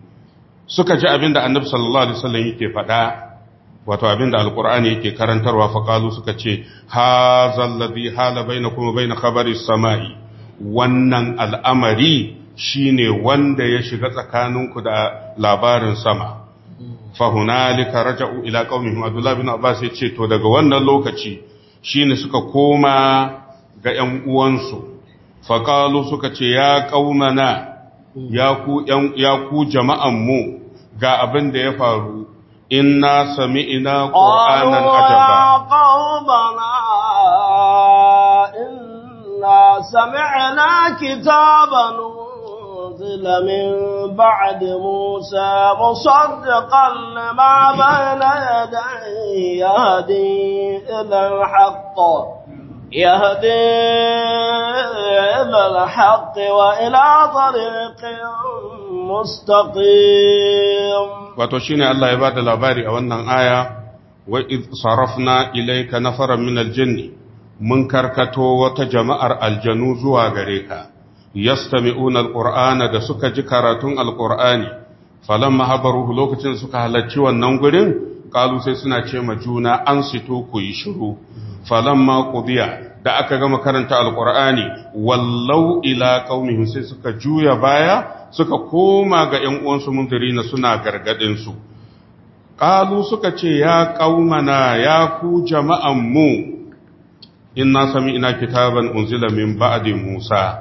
[SPEAKER 1] suka ji abinda annabi sallallahu alaihi wasallam yake faɗa wato abinda alkur'ani yake karantarwa faqalu suka ce hazal ladhi hala bainakum wa bain khabari samai wannan al'amari shi ne wanda ya shiga tsakaninku da labarin sama fahunalika raja'u ila ƙaunin Abdullah bin Abbas ce to daga wannan lokaci shi ne suka koma ga 'yan uwansu Fakalu suka ce ya ƙaunana, ya ku ya jama'an mu ga abin da ya faru inna ina ƙor’anan ajaba
[SPEAKER 2] qaumana سمعنا كتابا نزل من بعد موسى مصدقا لما بين يديه يهدي إلى الحق يهدي إلى الحق وإلى طريق
[SPEAKER 1] مستقيم وتوشيني الله الله باري أولنا آية وإذ صرفنا إليك نفرا من الجن mun karkato wata jama'ar aljanu zuwa gare ka yastami'una alqur'ana da suka ji karatun alqur'ani falamma habaruhu lokacin suka halarci wannan gurin kalu sai suna ce ma juna an sito ku yi shiru falamma qudiya da aka gama karanta alqur'ani wallau ila qaumihim sai suka juya baya suka koma ga ƴan uwansu mundirina suna gargadin Ƙalu suka ce ya ƙaumana ya ku jama'an mu inna ina kitaban unzila min ba'di Musa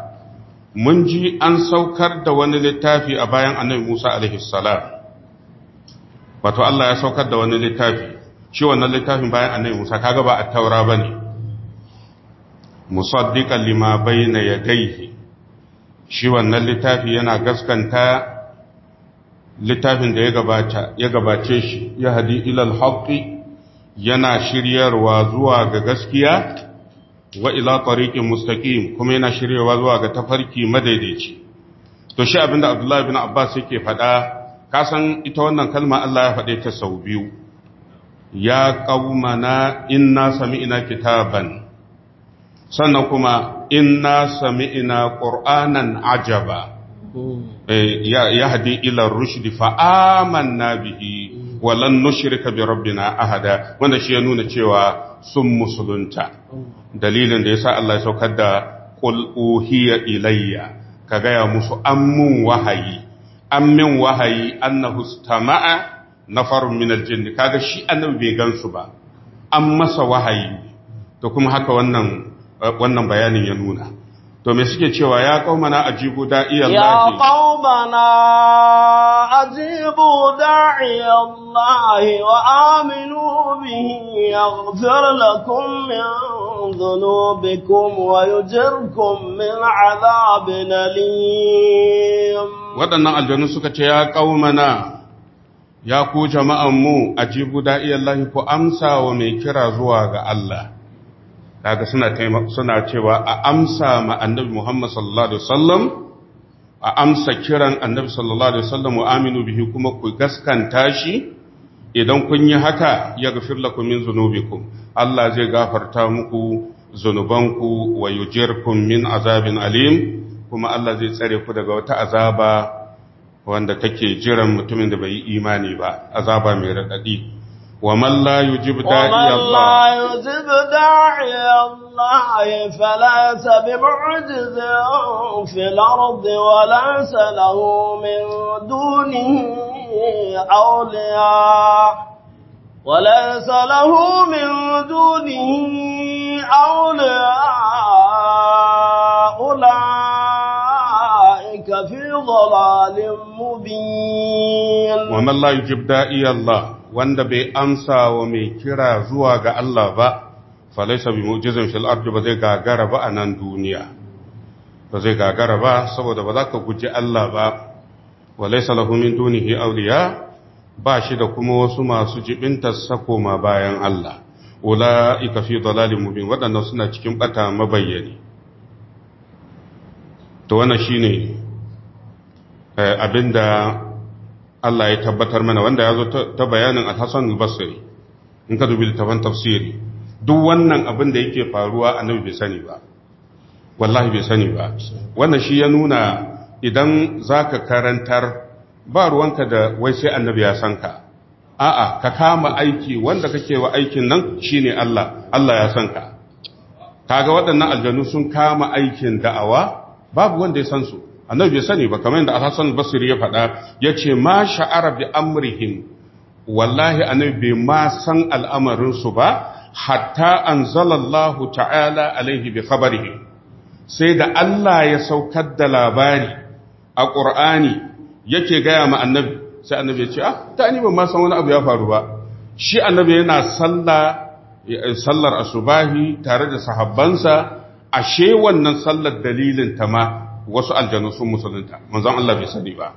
[SPEAKER 1] mun ji an saukar da wani littafi a bayan annabi Musa alaihi salam wato Allah ya saukar da wani littafi shi wannan littafin bayan annabi Musa kaga ba at-taura bane musaddiqan lima bayna yadayhi shi wannan littafi yana gaskanta littafin da ya gabata ya gabace shi ya hadi ilal haqqi yana shiryarwa zuwa ga gaskiya wa ila tariqin mustaqim kuma yana shiryawa zuwa ga tafarki madaidaici to shi abinda Abdullahi bin Abbas yake faɗa san ita wannan kalma Allah ya fade ta sau biyu ya qaumana inna sami'na kitaban sannan kuma inna sami'na qur'anan ajaba eh, ya yahdi ila rushd fa amanna bihi walan nushrika bi rabbina ahada wanda shi ya nuna cewa sun musulunta dalilin da ya sa Allah ya saukar da ƙul'uhiyya ilayya ka gaya musu mun wahayi ammin wahayi annahu istama'a minar min aljinn kaga shi annabi bai gansu ba an masa wahayi to kuma haka wannan wannan bayanin ya nuna to me suke cewa ya qaumana ajibu da'i Allah ya
[SPEAKER 2] qaumana ajibu da'i Allah wa aminu bihi yaghfir lakum min ذنوبكم ويجركم من عذاب
[SPEAKER 1] أليم ودنا الجنة سكت يا قومنا يا كو جماعة مو أجيبوا داعي الله كو أمسى ومن كرا زواغ الله kaga suna suna cewa a amsa ma annabi Muhammad sallallahu alaihi wasallam a amsa kiran annabi sallallahu alaihi wasallam wa aminu bihi kuma ku gaskanta shi idan kun yi haka ya gafir lakum min zunubikum Allah zai gafarta muku zunubanku wa yujirkum min azabin alim kuma Allah zai tsare ku daga wata azaba wanda take jiran mutumin da bai yi imani ba azaba mai radadi wa man la yujib da'i Allah
[SPEAKER 2] yujib da'i Allah fala sabi'ujizu fil ardi wa la salahu min dunihi awliya
[SPEAKER 1] وليس له
[SPEAKER 2] من دونه أولياء أولئك في ضلال مبين ومن لا
[SPEAKER 1] يجب داعي الله wanda bai amsa wa mai kira zuwa ga Allah ba falaisa bi mu'jizin fil ardi ba zai gagara ba a nan duniya ba zai gagara ba saboda ba za ka guji Allah ba walaisa lahu min dunihi awliya ba shi da kuma wasu masu jibintar sako ma bayan Allah ula'ika fi dalalin mubin waɗannan suna cikin bata mabayyani to wannan shine eh, abinda Allah ya tabbatar mana wanda ya zo ta bayanin al-Hasan al-Basri in ka dubi ban tafsiri duk wannan abin da yake faruwa annabi bai sani ba wallahi bai sani ba wannan shi ya nuna idan zaka karantar ba ruwanka da wai sai annabi ya san ka a'a ka kama aiki wanda kake wa aikin nan shine Allah Allah ya san ka kaga waɗannan aljanu sun kama aikin da'awa babu wanda ya san su annabi bai sani ba kamar yadda Hassan Basri ya faɗa yace ma sha'ara bi amrihim wallahi annabi bai ma san al'amarin su ba hatta anzalallahu ta'ala alaihi bi khabarihi sai da Allah ya saukar da labari a Qur'ani yake gaya ma annabi sai annabi ya ce ah ta ni ban ma san wani abu ya faru ba shi annabi yana salla eh, sallar asubahi tare da sahabbansa ashe wannan sallar dalilin ta ma wasu aljanu sun musulunta manzon Allah bai sani ba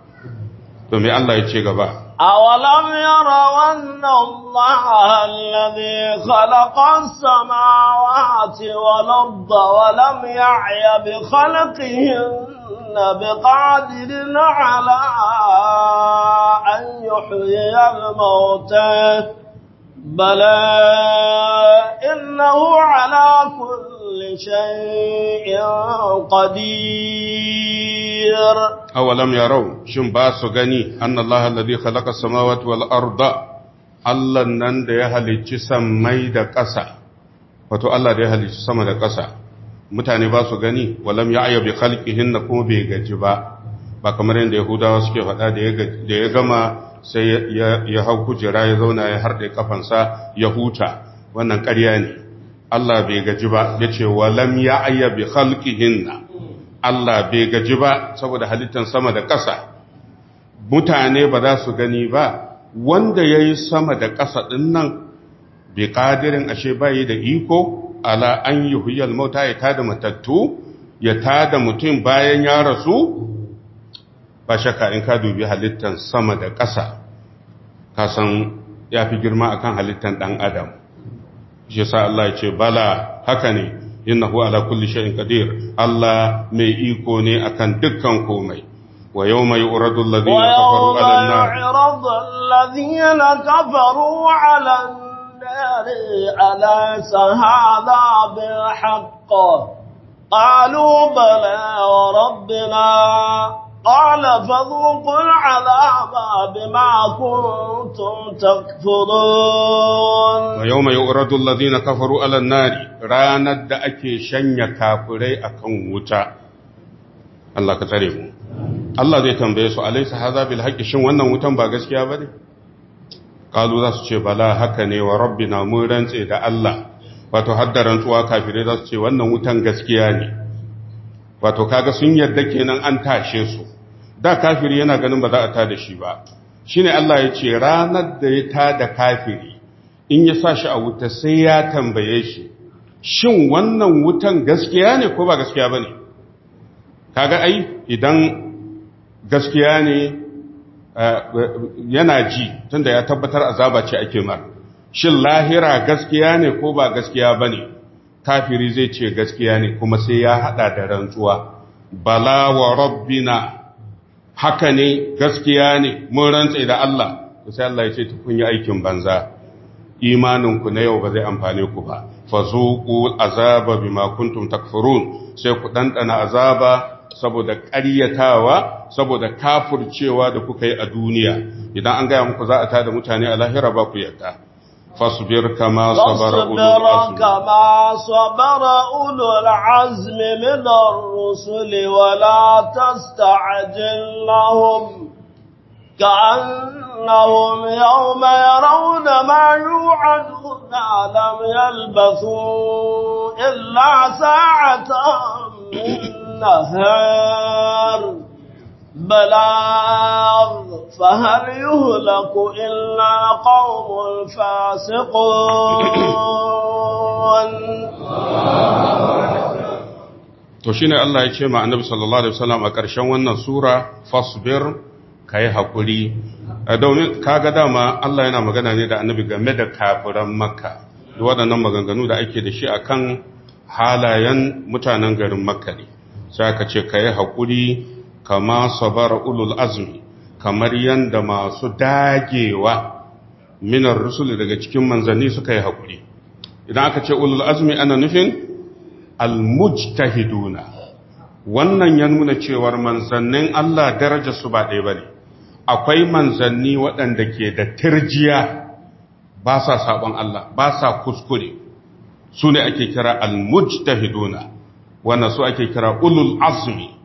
[SPEAKER 1] to me Allah ya ce gaba
[SPEAKER 2] أولم يروا أن الله الذي خلق السماوات والأرض ولم يعي بخلقهن بقادر على أن يحيي الموتى بلى إنه على كل شيء قدير
[SPEAKER 1] أولم يروا شن باسو غني أن الله الذي خلق السماوات والأرض Allah nan da ya halicci sammai da ƙasa, wato Allah da ya halicci sama da ƙasa, mutane ba su gani, walam ya ayyabi halƙihin na kuma bai gaji ba, ba kamar yadda Yahudawa suke faɗa da ya gama sai ya hau kujera ya zauna ya harɗe kafansa ya huta wannan ƙarya ne Allah bai gaji ba ya ce wa lam ya ayya bi khalqihinna Allah bai gaji ba saboda halittar sama da ƙasa mutane ba za su gani ba wanda yayi sama da ƙasa din nan bi qadirin ashe bai da iko ala an yuhyil mauta ya tada matattu ya tada mutum bayan ya rasu ba shakka in ka dubi halittan sama da ƙasa ka san ya fi girma akan halittan ɗan adam shi sa Allah ya ce bala haka ne innahu ala kulli shay'in qadir Allah mai iko ne akan dukkan komai wa yawma yu'radu alladhina kafaru ala an-nar
[SPEAKER 2] yu'radu alladhina kafaru ala an-nar ala sahada bil haqq qalu bala wa rabbina قال فذوقوا العذاب بما كنتم تكفرون
[SPEAKER 1] ويوم يؤرد الذين كفروا على النار ranar da ake shanya kafirai akan wuta Allah ka tsare mu Allah zai tambaye su alaysa hadha wannan wutan ba gaskiya bane kalu za su ce bala haka ne wa rabbina mun rantse da Allah wato haddaran tsuwa kafirai za su ce wannan wutan gaskiya ne wato kaga sun yarda kenan an tashe su da kafiri yana ganin ba za a tada shi ba shine Allah ya ce ranar da ya tada kafiri in ya sa shi a wuta sai ya tambaye shi shin wannan wutan gaskiya ne ko ba gaskiya bane kaga ai idan gaskiya ne eh, yana ji tunda ya tabbatar azaba ce ake mar shin lahira gaskiya ne ko ba gaskiya bane kafiri zai ce gaskiya ne kuma sai ya hada da rantsuwa bala wa rabbina haka ne gaskiya ne mun rantsa da Allah ku sai Allah ya ce kun yi aikin banza imanin ku na yau ba zai amfane ku ba fazuqu azaba bima kuntum takfurun sai ku dandana azaba saboda ƙaryatawa saboda kafurcewa da kuka yi a duniya idan an gaya muku za a tada mutane a lahira ba ku yarda فاصبر كما صبر
[SPEAKER 2] أولو العزم من الرسل ولا تستعجل لهم كأنهم يوم يرون ما يوعدون لم يلبثوا إلا ساعة من نهار بلاغ فهل يهلك إلا قوم الفاسقون
[SPEAKER 1] to shine Allah ya ce ma Annabi sallallahu alaihi wasallam a ƙarshen wannan sura fasbir kai hakuri domin kaga dama Allah yana magana ne da Annabi game da kafiran Makka da waɗannan maganganu da ake da shi akan halayen mutanen garin Makka ne sai aka ce kai hakuri kama sabar ulul azmi kamar yanda masu dagewa minar rusuli daga cikin manzanni suka yi hakuri, idan aka ce ulul azmi ana nufin almujtahiduna wannan ya nuna cewar manzannin Allah daraja su ba ɗaya bane akwai manzanni waɗanda ke da tirjiya ba sa sabon Allah ba sa kuskure su ne ake kira almujtahiduna wannan su ake kira ulul azmi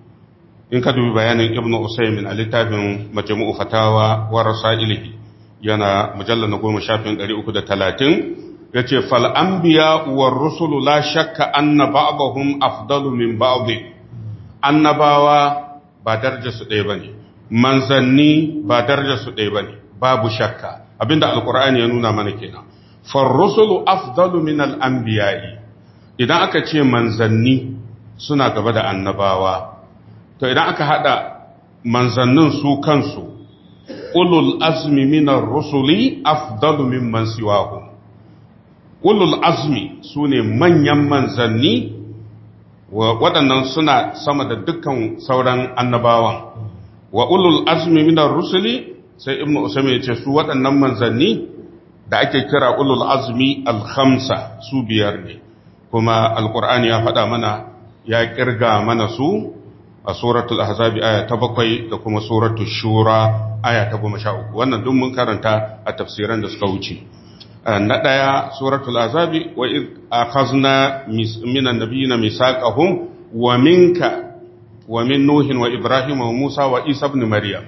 [SPEAKER 1] in ka dubi bayanin ibn usaymin a littafin majmu'u fatawa wa rasailihi yana mujallal na goma shafin 330 yace fal anbiya war rusulu la shakka anna ba'dahum afdalu min ba'd annabawa ba darajar su ɗaya bane manzanni ba darajar su ɗaya bane babu shakka abinda alqur'ani ya nuna mana kenan Fal rusulu afdalu min al anbiya idan aka ce manzanni suna gaba da annabawa to idan aka hada manzannin su kansu ulul azmi minar rusuli afdalu mimman siwahu ulul azmi sune manyan manzanni waɗannan suna sama da dukkan sauran annabawan wa ulul azmi minar rusuli sai ibnu usama ya ce su waɗannan manzanni da ake kira ulul azmi al-khamsa su biyar ne kuma alkur'ani ya faɗa mana ya ƙirga mana su a suratul ahzabi aya ta bakwai da kuma suratul shura aya ta goma sha uku wannan duk mun karanta a tafsiran da suka wuce na ɗaya suratul ahzabi wa iz akhazna minan nabiyina misaqahum wa minka wa min nuhin wa ibrahim wa musa wa isa ibn maryam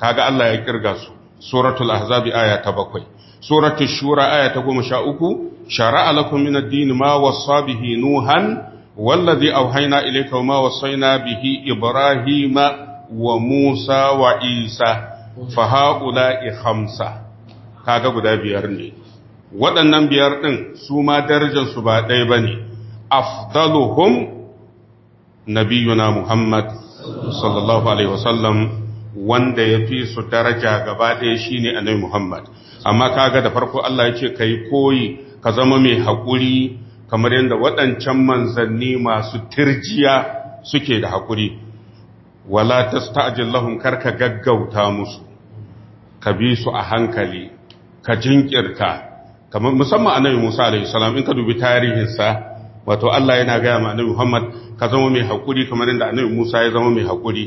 [SPEAKER 1] kaga Allah ya kirga su suratul ahzabi aya ta bakwai suratul shura aya ta goma sha uku shara'a lakum min ad-din ma wasa bihi nuhan wallazi auhayna ilayka ma wasayna bihi ibrahima wa musa wa isa fa kaga guda biyar ne waɗannan biyar ɗin su ma darajar su ba ɗaya bane afdaluhum nabiyuna muhammad sallallahu alaihi wasallam wanda ya fi su daraja gaba ɗaya shine annabi muhammad amma kaga da farko Allah ya ce yi koyi ka zama mai haƙuri kamar yadda waɗancan manzanni masu tirjiya suke da haƙuri wala tasta'jil kar karka gaggauta musu ka bi su a hankali ka jinkirta kamar musamman annabi Musa alaihi salam in ka dubi tarihinsa wato Allah yana gaya ma annabi Muhammad ka zama mai haƙuri kamar yadda annabi Musa ya zama mai haƙuri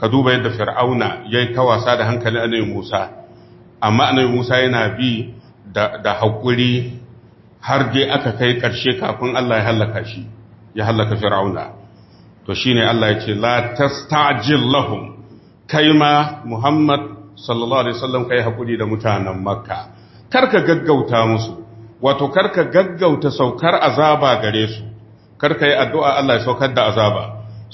[SPEAKER 1] ka duba yadda Fir'auna ya yi tawasa da hankalin annabi Musa amma annabi Musa yana bi da haƙuri har dai aka kai ƙarshe kafin Allah ya hallaka shi ya hallaka fir'auna to shine Allah ya ce la tastajil lahum kai ma Muhammad sallallahu alaihi wasallam kai hakuri da mutanen Makka karka gaggauta musu wato karka gaggauta saukar azaba gare su karka yi addu'a Allah ya saukar da azaba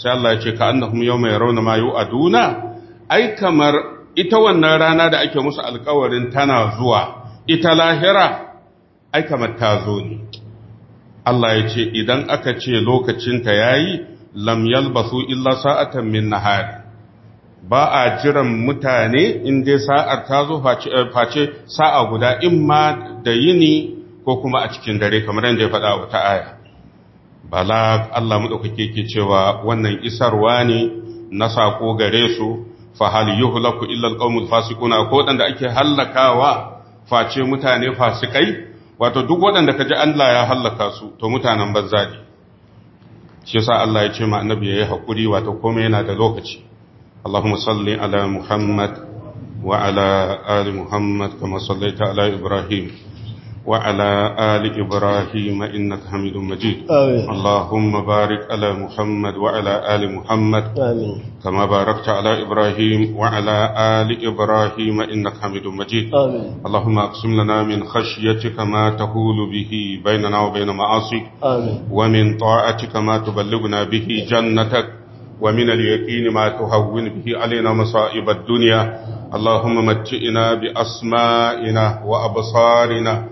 [SPEAKER 1] sai Allah ya ce ka annahum yawma yarawna ma yu'aduna ai kamar ita wannan rana da ake musu alƙawarin tana zuwa ita lahira ai kamar ta zo ne Allah ya ce idan aka ce lokacinta yayi lam yalbasu illa sa'atan min nahar ba a jiran mutane in dai sa'ar ta zo face eh, sa'a guda in ma da yini ko kuma a cikin dare kamar yadda ya faɗa ta aya bala Allah madaukake ke cewa wannan isarwa ne na sako gare su fa hal yuhlaku illa alqawmul fasiquna ko dan da ake hallakawa face mutane fasikai wato duk waɗanda ka ji Allah ya hallaka su to mutanen banza ne shi yasa Allah ya ce ma annabi yayi hakuri wato komai yana da lokaci Allahumma salli ala Muhammad wa ala ali Muhammad kama sallaita ala Ibrahim وعلى آل إبراهيم إنك حميد مجيد آمين. اللهم بارك على محمد وعلى آل محمد آمين. كما باركت على إبراهيم وعلى آل إبراهيم إنك حميد مجيد آمين. اللهم أقسم لنا من خشيتك ما تهول به بيننا وبين معاصيك ومن طاعتك ما تبلغنا به جنتك ومن اليقين ما تهون به علينا مصائب الدنيا اللهم متئنا بأسمائنا وأبصارنا